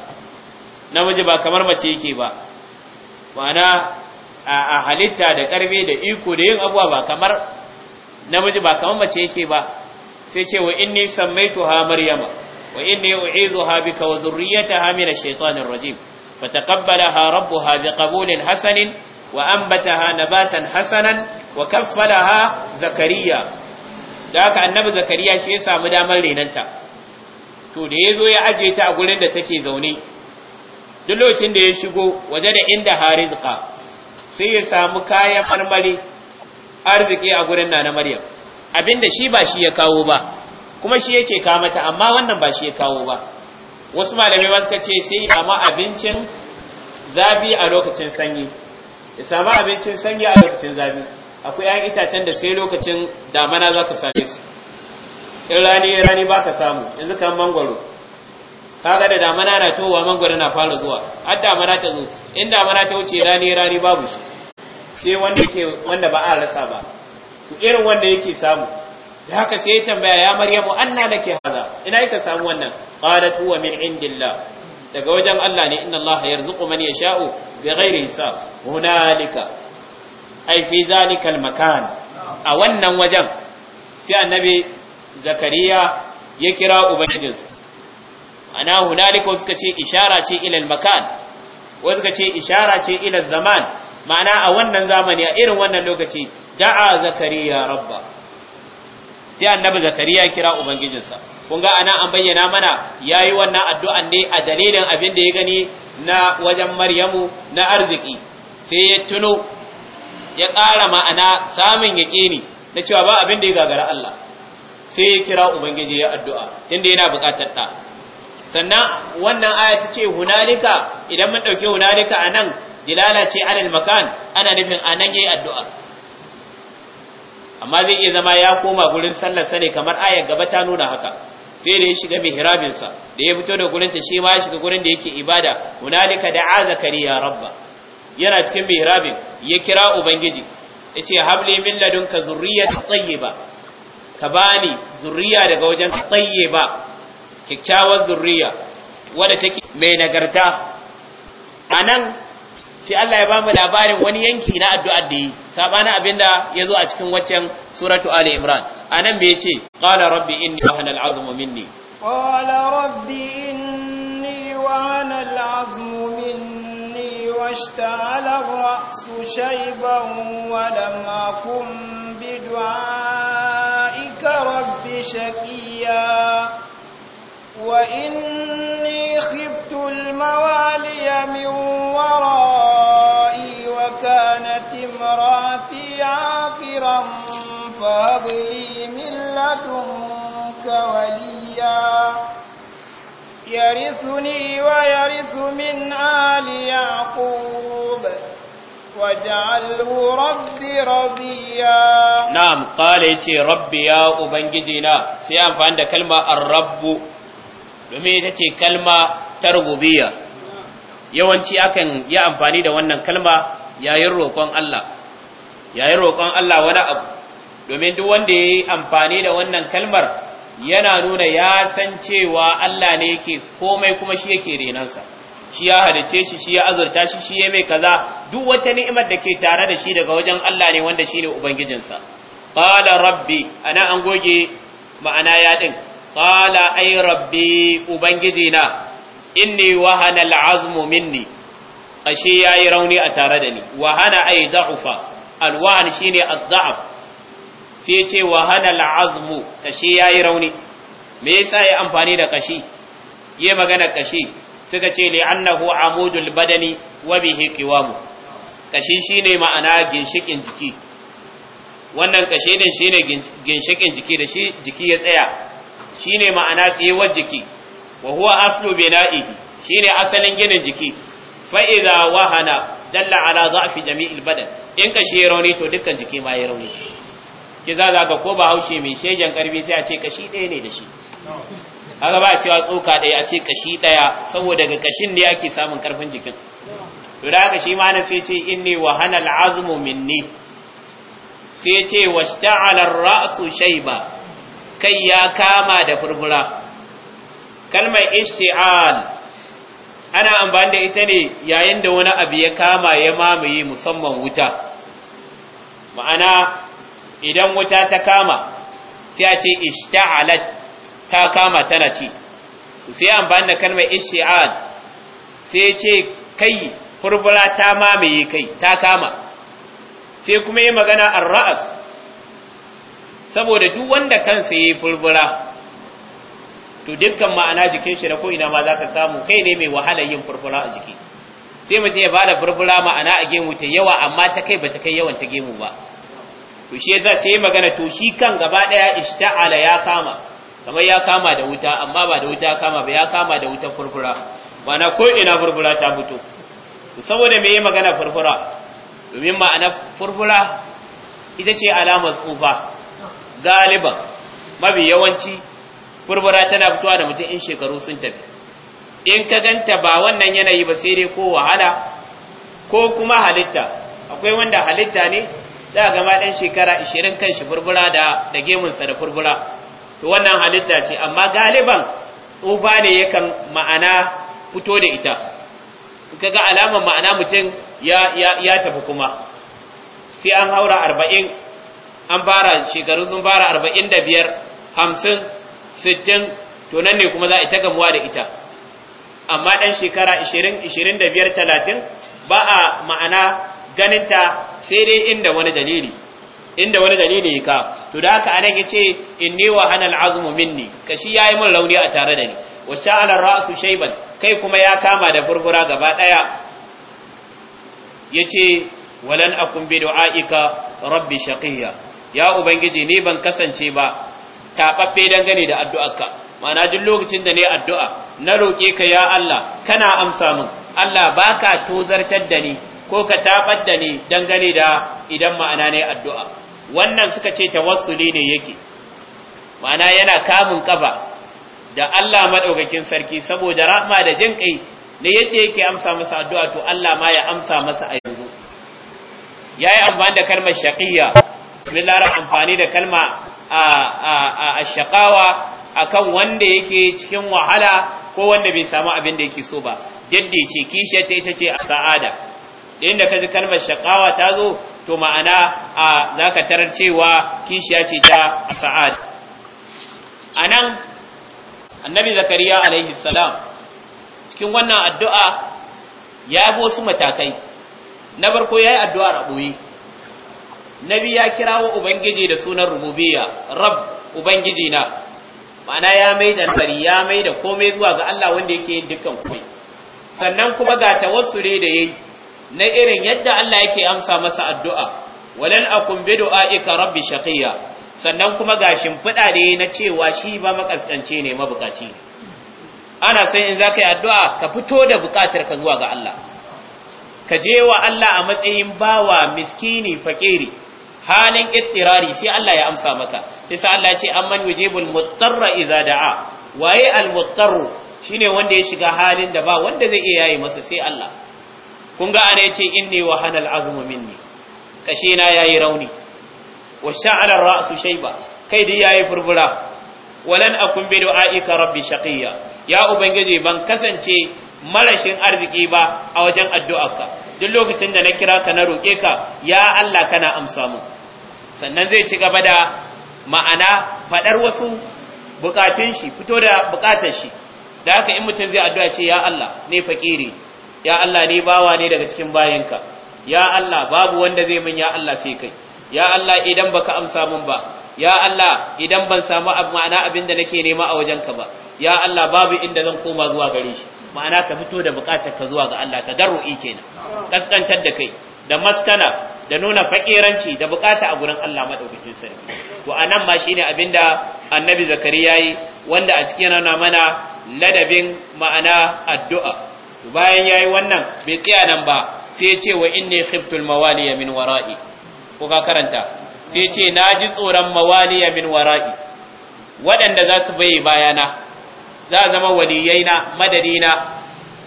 namiji ba kamar mace yake ba ma'ana a halitta da karbe da iko da yin abuwa ba kamar namiji ba kamar mace yake ba sai ce wa inni tuhamar maryama wa inni u'idhuha bika wa dhurriyyataha min ash-shaytanir rajim fataqabbalaha rabbuha biqabulin hasanin wa anbataha nabatan hasanan wa kaffalaha zakariya da haka annabi zakariya shi ya samu damar renanta to da ya zo ya aje ta a gurin da take zaune duk lokacin da ya shigo waje da inda harizqa sai ya samu kayan marmari arziki a gurin na na maryam abinda shi ba shi ya kawo ba kuma shi yake kawo mata amma wannan ba shi ya kawo ba wasu malamai ba suka ce sai amma abincin zabi a lokacin sanyi ya samu abincin sanyi a lokacin zabi akwai 'yan itacen da sai lokacin damana za ka same su in rani rani ba ka samu yanzu kan mangwaro kaga da damana na towa mangwaro na fara zuwa har damana ta zo in damana ta wuce rani rani babu shi sai wanda wanda ba a rasa ba irin wanda yake samu da haka sai ya tambaya ya maryamu anna laki hada ina kika samu wannan qalat huwa min indillah daga wajen Allah ne inna Allah yarzuqu man yasha'u bighairi hisab hunalika ai fi zalika almakan a wannan wajen sai annabi zakariya ya kira ubangijinsa ana hunalika suka ce ishara ce ila almakan wasu suka ce ishara ce ila zaman ma'ana a wannan zamani a irin wannan lokaci da'a zakariya rabba sai annabi zakariya kira ubangijinsa kun ga ana an bayyana mana yayi wannan addu'an ne a dalilin abin da ya gani na wajen maryamu na arziki sai ya tuno ya ƙara ma'ana samun yaƙini na cewa ba abin da ya gagara Allah sai ya kira ubangiji ya addu'a tunda yana buƙatar ta sannan wannan aya ta ce hunalika idan mun ɗauki hunalika anan dilala ce alal makan ana nufin ya yi addu'a amma zai iya zama ya koma gurin sallar sa ne kamar ayar gaba ta nuna haka sai da ya shiga mihrabin da ya fito da gurin ta shi ma ya shiga gurin da yake ibada hunalika azakari ya rabba yana cikin mihrabin ya kira ubangiji yace habli min ladunka zurriyatan tayyiba ka bani zurriya daga wajen tsaye tayyiba kyakkyawar zurriya wadda take mai nagarta a nan. sai Allah ya ba mu labarin wani yanki na addu'ar da yi sabana abinda ya zo a cikin waccan suratu Ali Imran anan bai ce qala rabbi inni wahana al'azmu minni qala rabbi inni wahana al'azmu minni washtala rasu shayban wa lam akum bi du'aika rabbi shaqiya وإني خفت الموالي من ورائي وكانت امراتي عاقرا فهب لي من لدنك وليا يرثني ويرث من آل يعقوب واجعله ربي رضيا نعم قال يتي ربي يا أبنجدنا سيام فعند كلمة الرب domin ita ce kalma ta rububiyya yawanci akan yi amfani da wannan kalma yayin roƙon Allah yayin roƙon Allah wani abu domin duk wanda ya yi amfani da wannan kalmar yana nuna ya san cewa Allah ne yake komai kuma shi yake renansa shi ya halice shi shi ya azurta shi shi ya mai kaza duk wata ni'imar da ke tare da shi daga wajen Allah ne wanda shi ne ubangijinsa qala rabbi ana an goge ma'ana ya din qala ay rabbi ubangiji na inni wahana al'azmu minni kashi yayi rauni a tare da ni wahana ay da'ufa alwahan shine ad-da'af sai ce wahana al'azmu kashi yi rauni me yasa ya amfani da kashi yi magana kashi suka ce li annahu amudul badani wa bihi qiwamu kashi shine ma'ana ginshikin jiki wannan kashi din shine ginshikin jiki da shi jiki ya tsaya shine ma'ana tsewar jiki wa huwa aslu bina'ihi shine asalin ginin jiki fa idza wahana dalla ala dha'fi jami'il badan in ka shi rauni to dukkan jiki ma ya rauni ki za za ga ko ba haushe mai shegen karfi sai a ce kashi ɗaya ne da shi haka ba a cewa tsoka ɗaya a ce kashi ɗaya saboda ga kashin ne ake samun karfin jikin to da haka shi ma na sai ce inni wahana al'azmu minni sai ce washta'ala ar-ra'su shayba kai ya kama da furfura kalmar isti'al ana amfani da ita ne yayin da wani abu ya kama ya mamaye musamman wuta ma'ana idan wuta ta kama sai a ce isti'alat ta kama tana ci sai amfani da kalmar istial sai ce kai furfura ta mamaye kai ta kama sai kuma yi magana ar-ra'as saboda duk wanda kansa yayi furfura to dukkan ma'ana jikin shi da ko ina ma zaka samu kai ne mai wahala yin furfura a jiki sai mutum ya bada furfura ma'ana a gemu ta yawa amma ta kai bata kai yawan ta gemu ba to shi yasa sai magana to shi kan gaba daya ishta'ala ya kama kamar ya kama da wuta amma ba da wuta kama ba ya kama da wuta furfura ma'ana ko ina furfura ta fito saboda me yayi magana furfura domin ma'ana furfura ita ce alamar tsufa galiban mafi yawanci furbura tana fitowa da mutum in shekaru sun tafi in ka ganta ba wannan yanayi ba sai dai ko wahala ko kuma halitta akwai wanda halitta ne za ga ma dan shekara 20 kan shi furbura da da gemunsa da furbura to wannan halitta ce amma galiban tsufa ne yakan ma'ana fito da ita ka ga alamar ma'ana mutum ya, ya, ya tafi kuma sai an haura arba'in an fara shekaru sun fara arba'in da biyar hamsin sittin to nan ne kuma za a ita gamuwa da ita amma ɗan shekara ishirin ishirin da biyar talatin ba a ma'ana ganinta sai dai inda wani dalili inda wani dalili ka to da haka anan in ne wa ne. Ka minni ya yi min rauni a tare da ni Wacce alar ra'su shaiban kai kuma ya kama da furfura gaba ɗaya? Ya ce, walan akun bi du'aika rabbi shaqiyya ya ubangiji ni ban kasance ba taɓaɓɓe dangane da addu'arka ma'ana duk lokacin da ne addu'a na roƙe ka ya Allah kana amsa min Allah baka tozartar da ni ko ka taɓar da ni dangane da idan ma'ana ne addu'a wannan suka ce ta tawassuli ne yake ma'ana yana kamun ƙaba da Allah maɗaukakin sarki saboda rahma da jin ƙai ne yadda yake amsa masa addu'a to Allah ma ya amsa masa a yanzu ya yi amfani da kalmar shaƙiyya domin lara amfani da kalma a shakawa akan wanda yake cikin wahala ko wanda bai samu abin da yake so ba jaddi ce kishiyar ta ita ce a sa'ada inda ka ji kalmar shakawa ta zo to ma'ana a za ka tarar cewa kishiya ce ta a sa'ada a nan annabi zakariya alaihi salam cikin wannan addu'a ya bi wasu matakai na farko ya yi addu'ar a ɓoye nabi ya kirawo ubangiji da sunan rububiyya rabb ubangiji na ma'ana ya mai da sari ya mai da komai zuwa ga Allah wanda yake yin dukkan komai sannan kuma ga tawassuli da yayi na irin yadda Allah yake amsa masa addu'a walan akum bi du'aika rabbi shaqiyya sannan kuma ga shimfiɗa da yayi na cewa shi ba makaskance ne mabukaci ana sai in zaka yi addu'a ka fito da bukatar ka zuwa ga Allah ka je wa Allah a matsayin bawa miskini fakiri halin ittirari sai Allah ya amsa maka sai sa Allah ya ce amman yujibul muttarra idza da'a waye al muttaru shine wanda ya shiga halin da ba wanda zai iya yayi masa sai Allah kun ga ana yace inni wa hanal azmu minni kashi na yayi rauni wa sha'ala ra'su shayba kai da yayi furfura walan akun bi du'aika rabbi shaqiya ya ubangiji ban kasance marashin arziki ba a wajen addu'arka duk lokacin da na kira ka na roƙe ka ya Allah kana amsa mu sannan zai ci gaba da ma'ana faɗar wasu bukatun shi fito da bukatar shi da haka in mutum zai addu'a ce ya Allah ne fakiri ya Allah ne bawa ne daga cikin bayanka ya Allah babu wanda zai min ya Allah sai kai ya Allah idan baka amsa min ba ya Allah idan ban samu ma'ana abin da nake nema a wajen ka ba ya Allah babu inda zan koma zuwa gare shi ma'ana ka fito da bukatar ka zuwa ga Allah tadarru'i kenan kaskantar da kai da maskana da nuna fakiranci da bukata a gurin Allah madaukakin sarki to anan ma shine abinda annabi zakariya yi wanda a cikin yana mana ladabin ma'ana addu'a to bayan yayi wannan bai tsaya nan ba sai ce wa inni khiftul mawaliya min wara'i ko ka karanta sai ce ji tsoron mawaliya min wara'i waɗanda za su bayi bayana za zama waliyaina madadina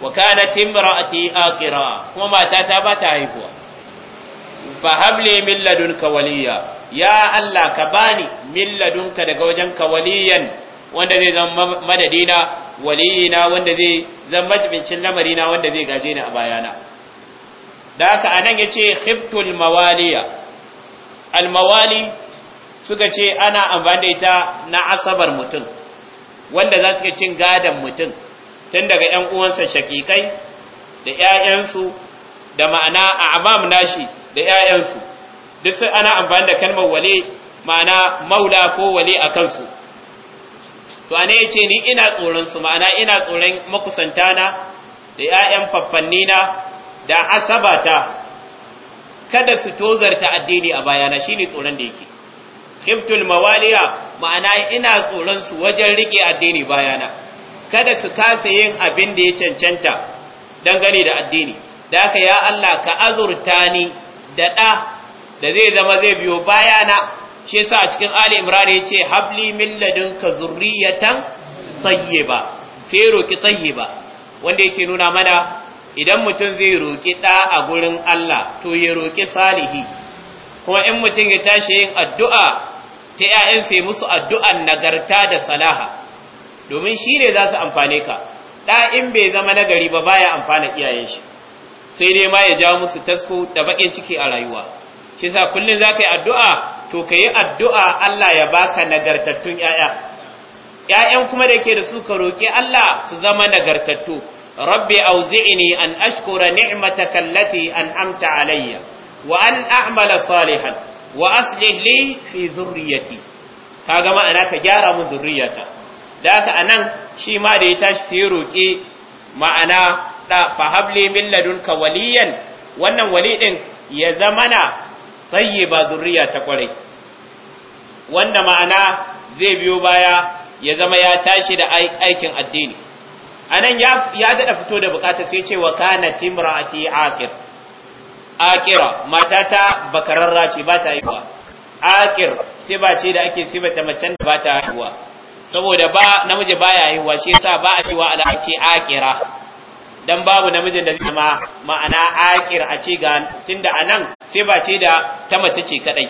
wa kanat imra'ati aqira kuma matata ba ta haihuwa fahabli min ladunka waliyya, ya Allah ka bani min ladunka daga wajen ka waliyan wanda zai zama madadina waliyina wanda zai zama majibincin lamarina wanda zai gaje ni a bayana da haka anan ce khiftul mawaliya al mawali suka ce ana amfani da ita na asabar mutum wanda za su cin gadon mutum tun daga ‘yan uwansa shakikai da ‘ya'yansu da ma'ana a amam nashi da ‘ya'yansu duk sai ana amfani da kalmar wale ma'ana maula ko wale a kansu to ana ya ce ni ina tsoronsu ma'ana ina tsoron makusantana da ‘ya'yan faffannina da asabata kada su tozarta addini a bayana shine tsoron da yake khiftul mawaliya ma'ana ina tsoron wajen riƙe addini bayana kada su kasa yin abin da ya cancanta dangane da addini da ka ya Allah ka azurta ni da ɗa da zai zama zai biyo bayana shi yasa a cikin ali imran ya ce habli min ka zurriyatan tayyiba sai roki tayyiba wanda yake nuna mana idan mutum zai roki ɗa a gurin Allah to ya roki salihi kuma in mutum ya tashi yin addu'a ta ‘ya'yan sai musu addu'an nagarta da salaha domin shi ne za su amfane ka ɗa in bai zama nagari ba baya amfana iyayen shi sai dai ma ya ja musu tasko da bakin ciki a rayuwa shi yasa kullun zaka yi addu'a to kayi addu'a Allah ya baka nagartattun 'ya'ya. Ya'yan kuma da ke da su ka roki Allah su zama nagartattu rabbi auzi'ni an ashkura ni'mataka allati an'amta alayya wa an a'mala salihan wa aslih li fi zurriyyati kaga ma'ana ka gyara mu zurriyata da haka anan shi ma da ya tashi sai roki ma'ana da fahabli min ladunka waliyan wannan wali din ya zamana tayyiba zurriya ta kwarai wanda ma'ana zai biyo baya ya zama ya tashi da aikin addini anan ya ya dada fito da bukata sai ce wa kana timraati aqir aqira matata bakararra ce ba ta yiwa aqir sai ba ce da ake sibata macen da ba ta haihuwa saboda ba namiji baya haihuwa shi yasa ba a cewa al'aci aƙira. dan babu namijin da zama ma'ana akir a ce ga tunda anan sai ba ce da ta mace ce kadai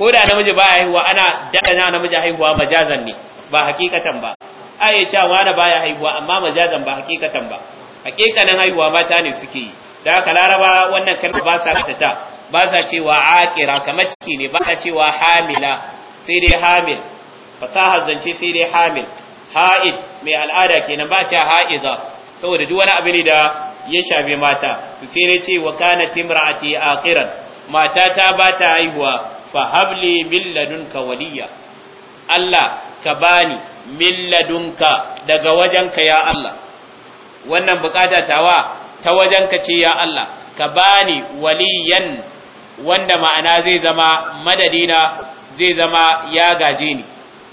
ko da namiji ba haihuwa ana a namiji haihuwa majazan ne ba hakikatan ba ai ya cewa wani baya haihuwa amma majazan ba hakikatan ba hakikanin haihuwa mata ne suke yi da haka laraba wannan kalma ba sa ta ba sa cewa akira kamar ciki ne ba sa cewa hamila sai dai hamil fasahar zance sai dai hamil ha'id mai al'ada kenan ba ce ha'iza saboda duk wani abu ne da ya shafe mata to sai ne ce wa kana timra'ati akhiran mata ta ba ta haihuwa fa habli min ladunka waliya Allah ka bani min ladunka daga wajenka ya Allah wannan bukata tawa ta wajenka ce ya Allah ka bani waliyan wanda ma'ana zai zama madadina zai zama ya gaje ni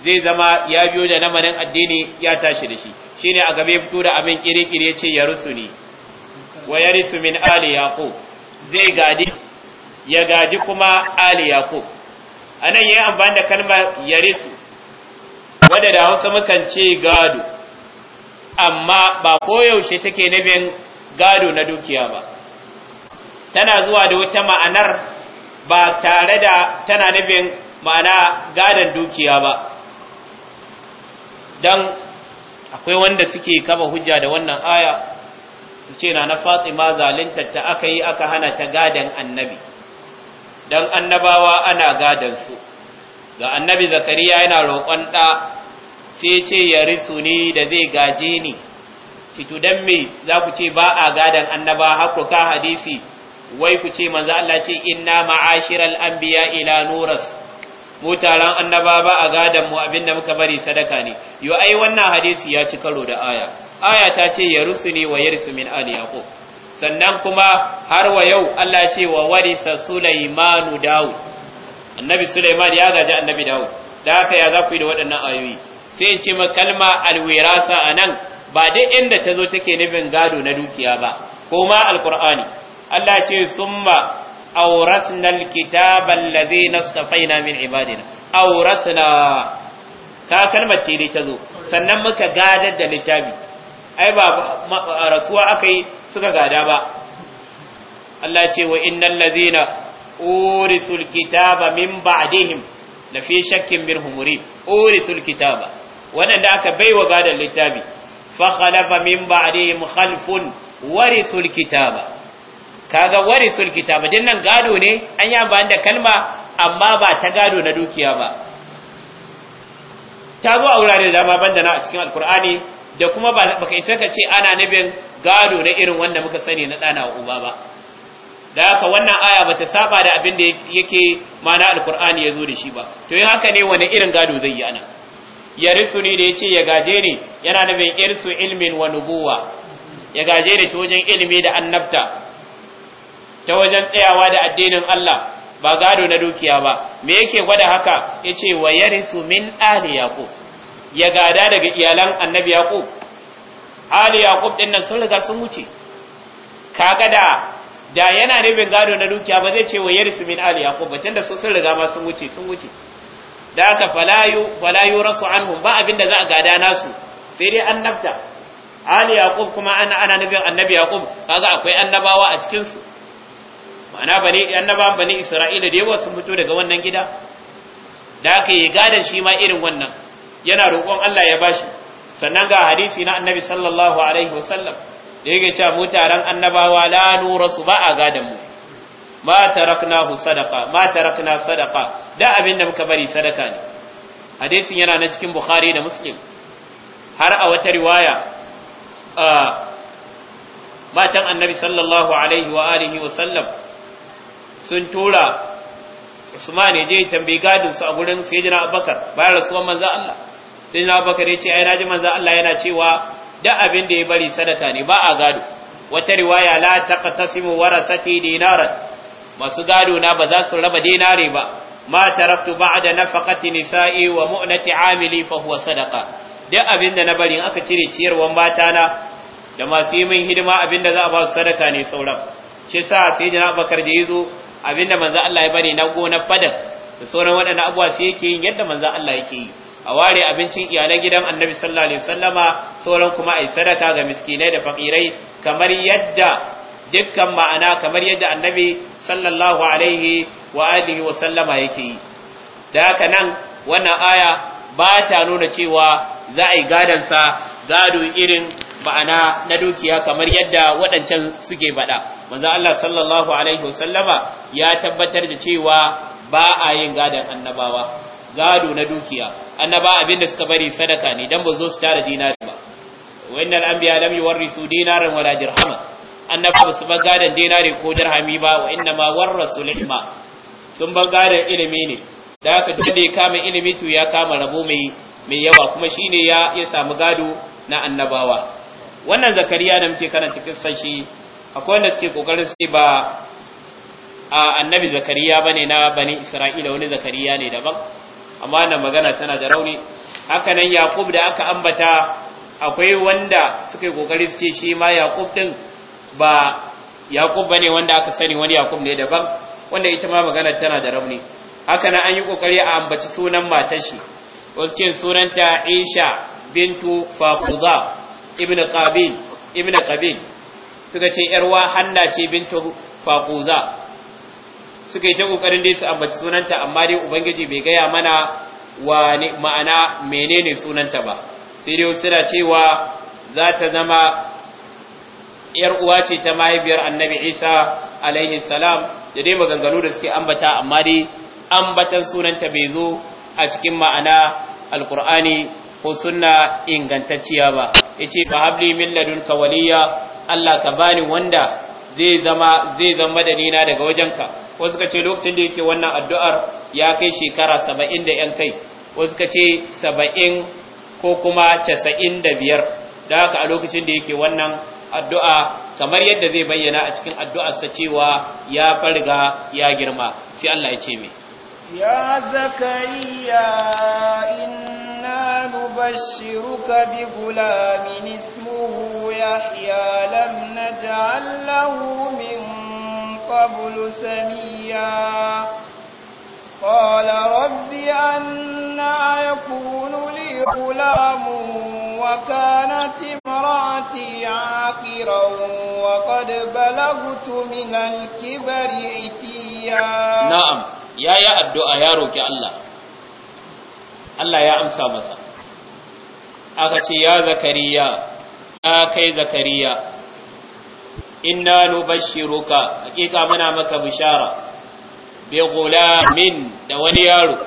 zai zama ya biyo da namarin addini ya tashi da shi shine a gabe fito da abin kirikiri ce ya rusuni wa yarisu min ali yaqub zai gadi ya gaji kuma ali yaqub anan yayi amfani da kalmar yarisu wanda da Hausa mukan ce gado amma ba koyaushe take nabin gado na dukiya ba tana zuwa da wata ma'anar ba tare da tana nufin ma'ana gadon dukiya ba don akwai wanda suke kaba hujja da wannan aya su ce na na fatima zalintar ta aka yi aka hana ta gadan annabi don annabawa ana gadan su ga annabi zakariya yana roƙon ɗa sai ce ya risu ne da zai gaje ni citu don me za ku ce ba a gadan annaba haku ka hadisi wai ku ce manzo Allah ce inna ma'ashiral anbiya ila nuras mu taron annaba ba a gadan mu abinda muka bari sadaka ne yo ai wannan hadisi ya ci karo da aya aya ta ce ya rusuni wa yarsu min ali yaqub sannan kuma har wa yau Allah ce wa warisa sulaimanu daud annabi sulaiman ya gaji annabi daud da haka ya za ku yi da waɗannan ayoyi sai in ce ma kalma alwirasa anan ba duk inda ta zo take nufin gado na dukiya ba ko ma alqur'ani Allah ce summa أورثنا الكتاب الذين اصطفينا من عبادنا أورثنا ka kalmar ce ta zo sannan muka gadar da littafi ai ba rasuwa aka yi suka gada ba Allah ce wa innal ladzina urisul kitaba min ba'dihim la fi shakkin min humuri urisul kitaba wanda aka baiwa gadar littafi fa khalafa min ba'dihim khalfun warisul kitaba kaga warisul kitaba din nan gado ne an yi amfani da kalma amma ba ta gado na dukiya ba ta zo a wurare da dama banda na a cikin alkur'ani da kuma baka isa ka ce ana nabin gado na irin wanda muka sani na ɗana uba ba da haka wannan aya ba ta saba da abin da yake mana alkur'ani ya zo da shi ba to yin haka ne wani irin gado zai yi ana ya risu ne da ya ce ya gaje ne yana nabin irsu ilmin wa nubuwa ya gaje ne ta wajen ilimi da annabta ta wajen tsayawa da addinin Allah ba gado na dukiya ba me yake gwada haka yace wa yarisu min ali yaqub ya gada daga iyalan annabi yaqub ali yaqub din nan sun riga sun wuce kaga da da yana nufin gado na dukiya ba zai ce wa yarisu min ali yaqub ba tunda sun riga ma sun wuce sun wuce da ka falayu falayu rasu anhum ba abinda za a gada nasu sai dai annabta ali yaqub kuma ana ana nufin annabi yaqub kaga akwai annabawa a cikin su ma'ana bane annaba bane isra'ila da yawa sun fito daga wannan gida da aka yi gadan shi ma irin wannan yana roƙon Allah ya bashi sannan ga hadisi na annabi sallallahu alaihi wasallam da yake cewa mu taron annabawa la nura su ba a gadon mu ma taraknahu sadaqa ma tarakna sadaqa da abin da muka bari sadaka ne hadisin yana na cikin bukhari da muslim har a wata riwaya ah, matan annabi sallallahu alaihi wa alihi wa sallam sun tura Usman ya je tambayi gadin su a gurin Sayyidina Abubakar bayan rasuwan manzon Allah Sayyidina Abubakar ya ce ai naji manzon Allah yana cewa da abin da ya bari sadaka ne ba a gado wata riwaya la taqtasimu warasati dinaran masu gado na ba za su raba dinare ba ma taraktu ba'da nafaqati nisa'i wa mu'nati amili fa huwa sadaqa Da abin da na bari aka cire ciyarwan mata na da masu yi min hidima abin da za a ba su sadaka ne sauran shi sa sai jina bakar da yazo abinda manzo Allah ya bari na gonar fadak da sauran waɗannan abubuwa su yake yin yadda manzo Allah yake yi a ware abincin iyalan gidan annabi sallallahu alaihi wasallama sauran kuma ai sadaka ga miskinai da fakirai kamar yadda dukkan ma'ana kamar yadda annabi sallallahu alaihi wa alihi wa sallama yake yi da haka nan wannan aya ba ta nuna cewa za a yi gadon sa gado irin ma'ana na dukiya kamar yadda waɗancan suke faɗa manzo Allah sallallahu alaihi wasallama ya tabbatar da cewa ba a yin gadon annabawa gado na dukiya annaba abin da suka bari sadaka ne dan ba zo su tara dinari ba wa innal anbiya lam yuwarisu dinaran wala dirhama annaba ba su bar gadon dinari ko dirhami ba wa inna ma warasu lihma sun bar gadon ilimi ne da haka duk da ya kama ilimi to ya kama rabo mai mai yawa kuma shine ya ya samu gado na annabawa wannan zakariya da muke karanta kissa shi akwai wanda suke kokarin sai ba a annabi zakariya bane na bani isra'ila wani zakariya ne daban amma wannan magana tana da rauni haka nan yaqub da aka ambata akwai wanda suke kokarin su ce shi ma yaqub din ba yaqub bane wanda aka sani wani yaqub ne daban wanda ita ma magana tana da rauni haka nan an yi kokari a ambaci sunan matar shi wasu ce sunanta Aisha bintu Fafuza ibn qabil ibn qabil suka ce yarwa hanna ce bintu faquza suka yi ta kokarin dai su ambaci sunanta amma dai ubangiji bai gaya mana wa ma'ana menene sunanta ba sai dai suna cewa za ta zama yar uwa ce ta mahaifiyar annabi isa alaihi salam da dai maganganu da suke ambata amma dai ambatan sunanta bai zo a cikin ma'ana alkur'ani ko sunna ingantacciya ba yace fa habli min ladunka waliya Allah ka bani wanda zai zama zai zama da na daga wajenka wasu suka ce lokacin da yake wannan addu'ar ya kai shekara 70 da yan kai wasu suka ce 70 ko kuma 95 da haka a lokacin da yake wannan addu'a kamar yadda zai bayyana a cikin addu'ar sa cewa ya farga ya girma shi Allah ya ce mai ya zakariya in نبشرك بغلام اسمه يحيى لم نجعل له من قبل سميا قال رب أنا يكون لي غلام وكانت امرأتي عاقرا وقد بلغت من الكبر عتيا نعم يا يا الدعاء يا روكي الله الله يا أمسى مسأ aka ce ya zakariya ya kai zakariya inna nubashshiruka hakika muna maka bishara bi gulamin da wani yaro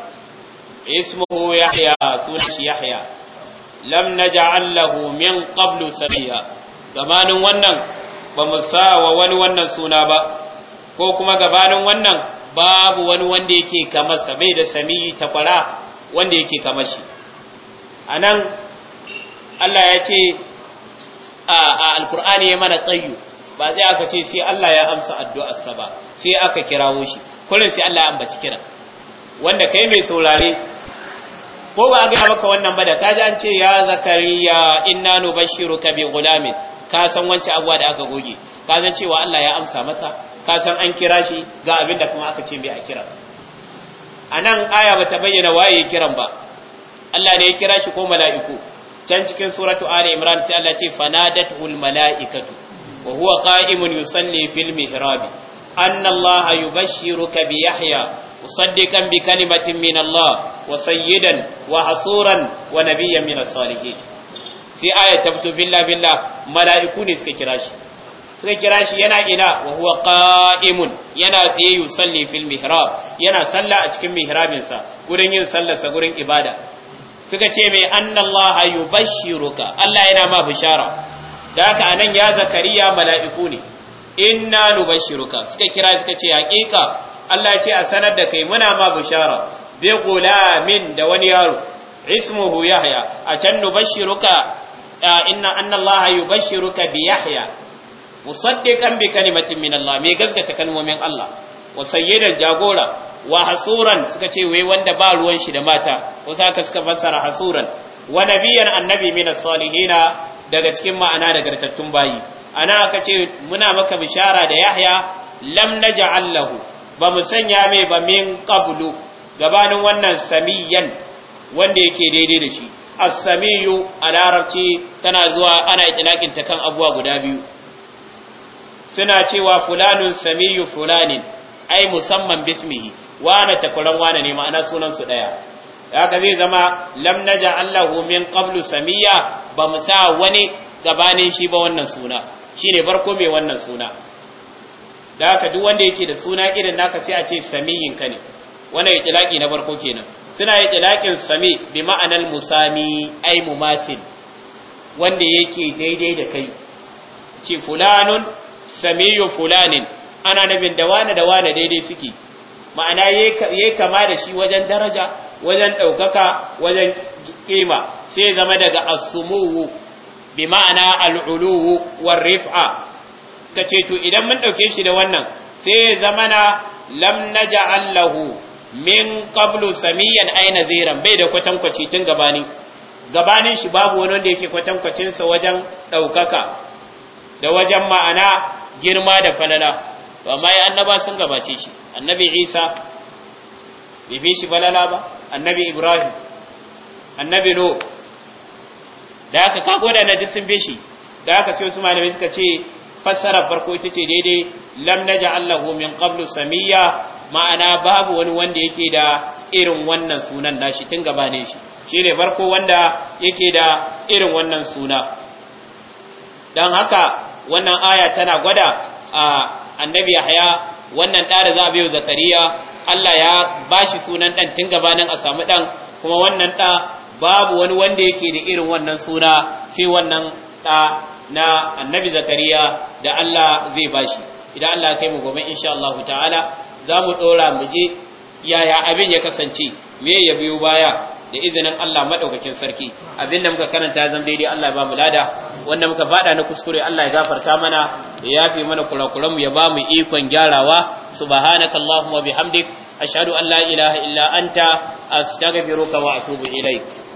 ismuhu yahya sunan shi yahya lam naj'al lahu min qablu sariya zamanin wannan ba mu sa wa wani wannan suna ba ko kuma gabanin wannan babu wani wanda yake kamar sa bai da sami takwara wanda yake kamar shi anan Allah ya ce a alkur'ani ya mana tsayu ba zai aka ce sai Allah ya amsa addu'arsa ba sai aka kirawo shi kullum sai Allah ya ambaci kira wanda kai mai saurare ko ba ga maka wannan ba da ka ji an ce ya zakariya inna nubashshiruka bi gulamin ka san wancan abuwa da aka goge ka san cewa Allah ya amsa masa ka san an kira shi ga abin kuma aka ce bai a kira anan aya bata bayyana waye kiran ba Allah ne ya kira shi ko mala'iku can cikin suratu ali imran sai Allah ce fanadatu almalaikatu wa huwa qa'imun yusalli fil mihrab an Allah yubashshiruka bi yahya musaddiqan bi kalimatin min wa sayyidan wa hasuran wa nabiyyan min as sai aya ta fito billa billa mala'iku ne suka kira shi suka yana ina wa huwa qa'imun yana tsaye yusalli fil mihrab yana sallah a cikin mihrabinsa wurin yin sallarsa wurin ibada suka ce mai annallaha yubashshiruka Allah yana ma bishara da haka anan ya zakariya mala'iku ne inna nubashshiruka suka kira suka ce haƙiƙa Allah ce a sanar da kai muna ma bishara bi gulamin da wani yaro ismuhu yahya a can nubashshiruka inna annallaha yubashshiruka bi yahya musaddiqan bi kalimatin min Allah me gaskata kalmomin Allah wa sayyidan jagora wa hasuran suka ce wai wanda ba ruwan shi da mata wasu haka suka fassara hasuran wa nabiyan annabi min as salihin daga cikin ma'ana da gartattun bayi ana aka ce muna maka bishara da Yahya lam naj'al lahu ba mu sanya mai ba min qablu gabanin wannan samiyan wanda yake daidai da shi as-samiyu a larabci tana zuwa ana itlaƙin ta kan abuwa guda biyu suna cewa fulanun samiyu fulanin ai musamman bismihi wane takwaran wane ne ma'ana sunansu ɗaya. daya haka zai zama lam naja allahu min qablu samiya ba mu sa wani gabanin shi ba wannan suna shine barko mai wannan suna da haka duk wanda yake da suna irin naka sai a ce samiyin ka ne wannan itlaqi na barko kenan suna itlaqin sami bi ma'anar musami ai mumasil wanda yake daidai da kai ce fulanun samiyu fulanin ana nabin da wane da wane daidai suke ma'ana ya kama da shi wajen daraja wajen ɗaukaka wajen ƙima. sai zama daga asumuwu bi ma'ana al'uluwu war rif'a kace to idan mun ɗauke shi da wannan sai zama na lam ja allahu min ƙablu samiyan aina ziran bai da kwatankwaci tun gabani. gabanin shi babu wani wanda yake kwatankwacinsa wajen ɗaukaka da wajen ma'ana girma da falala to amma ya annaba sun gabace shi annabi isa bai fi shi balala ba annabi ibrahim annabi no da aka kago da duk sun bi shi da aka ce su malamai suka ce fassarar farko ita ce daidai lam naj'al allahu min qablu samiyya ma'ana babu wani wanda yake da irin wannan sunan nashi tun gabane shi shine farko wanda yake da irin wannan suna dan haka wannan aya tana gwada a ah, annabi yahya wannan ɗa da za a biyo zakariya Allah ya bashi sunan ɗan tun gabanin a samu ɗan, kuma wannan ɗa babu wani wanda yake da irin wannan suna sai wannan ɗa na annabi zakariya da Allah zai bashi idan Allah kai mu gobe insha Allah ta'ala za mu ɗora mu je yaya abin ya kasance me ya biyo baya da izinin Allah madaukakin sarki abin da muka karanta zan daidai Allah ya ba mu lada wanda muka faɗa na kuskure Allah ya gafarta mana ya yafe mana kurakuran mu ya ba mu ikon gyarawa subhanakallahumma bihamdik ashhadu an la ilaha illa anta astaghfiruka wa atubu ilaik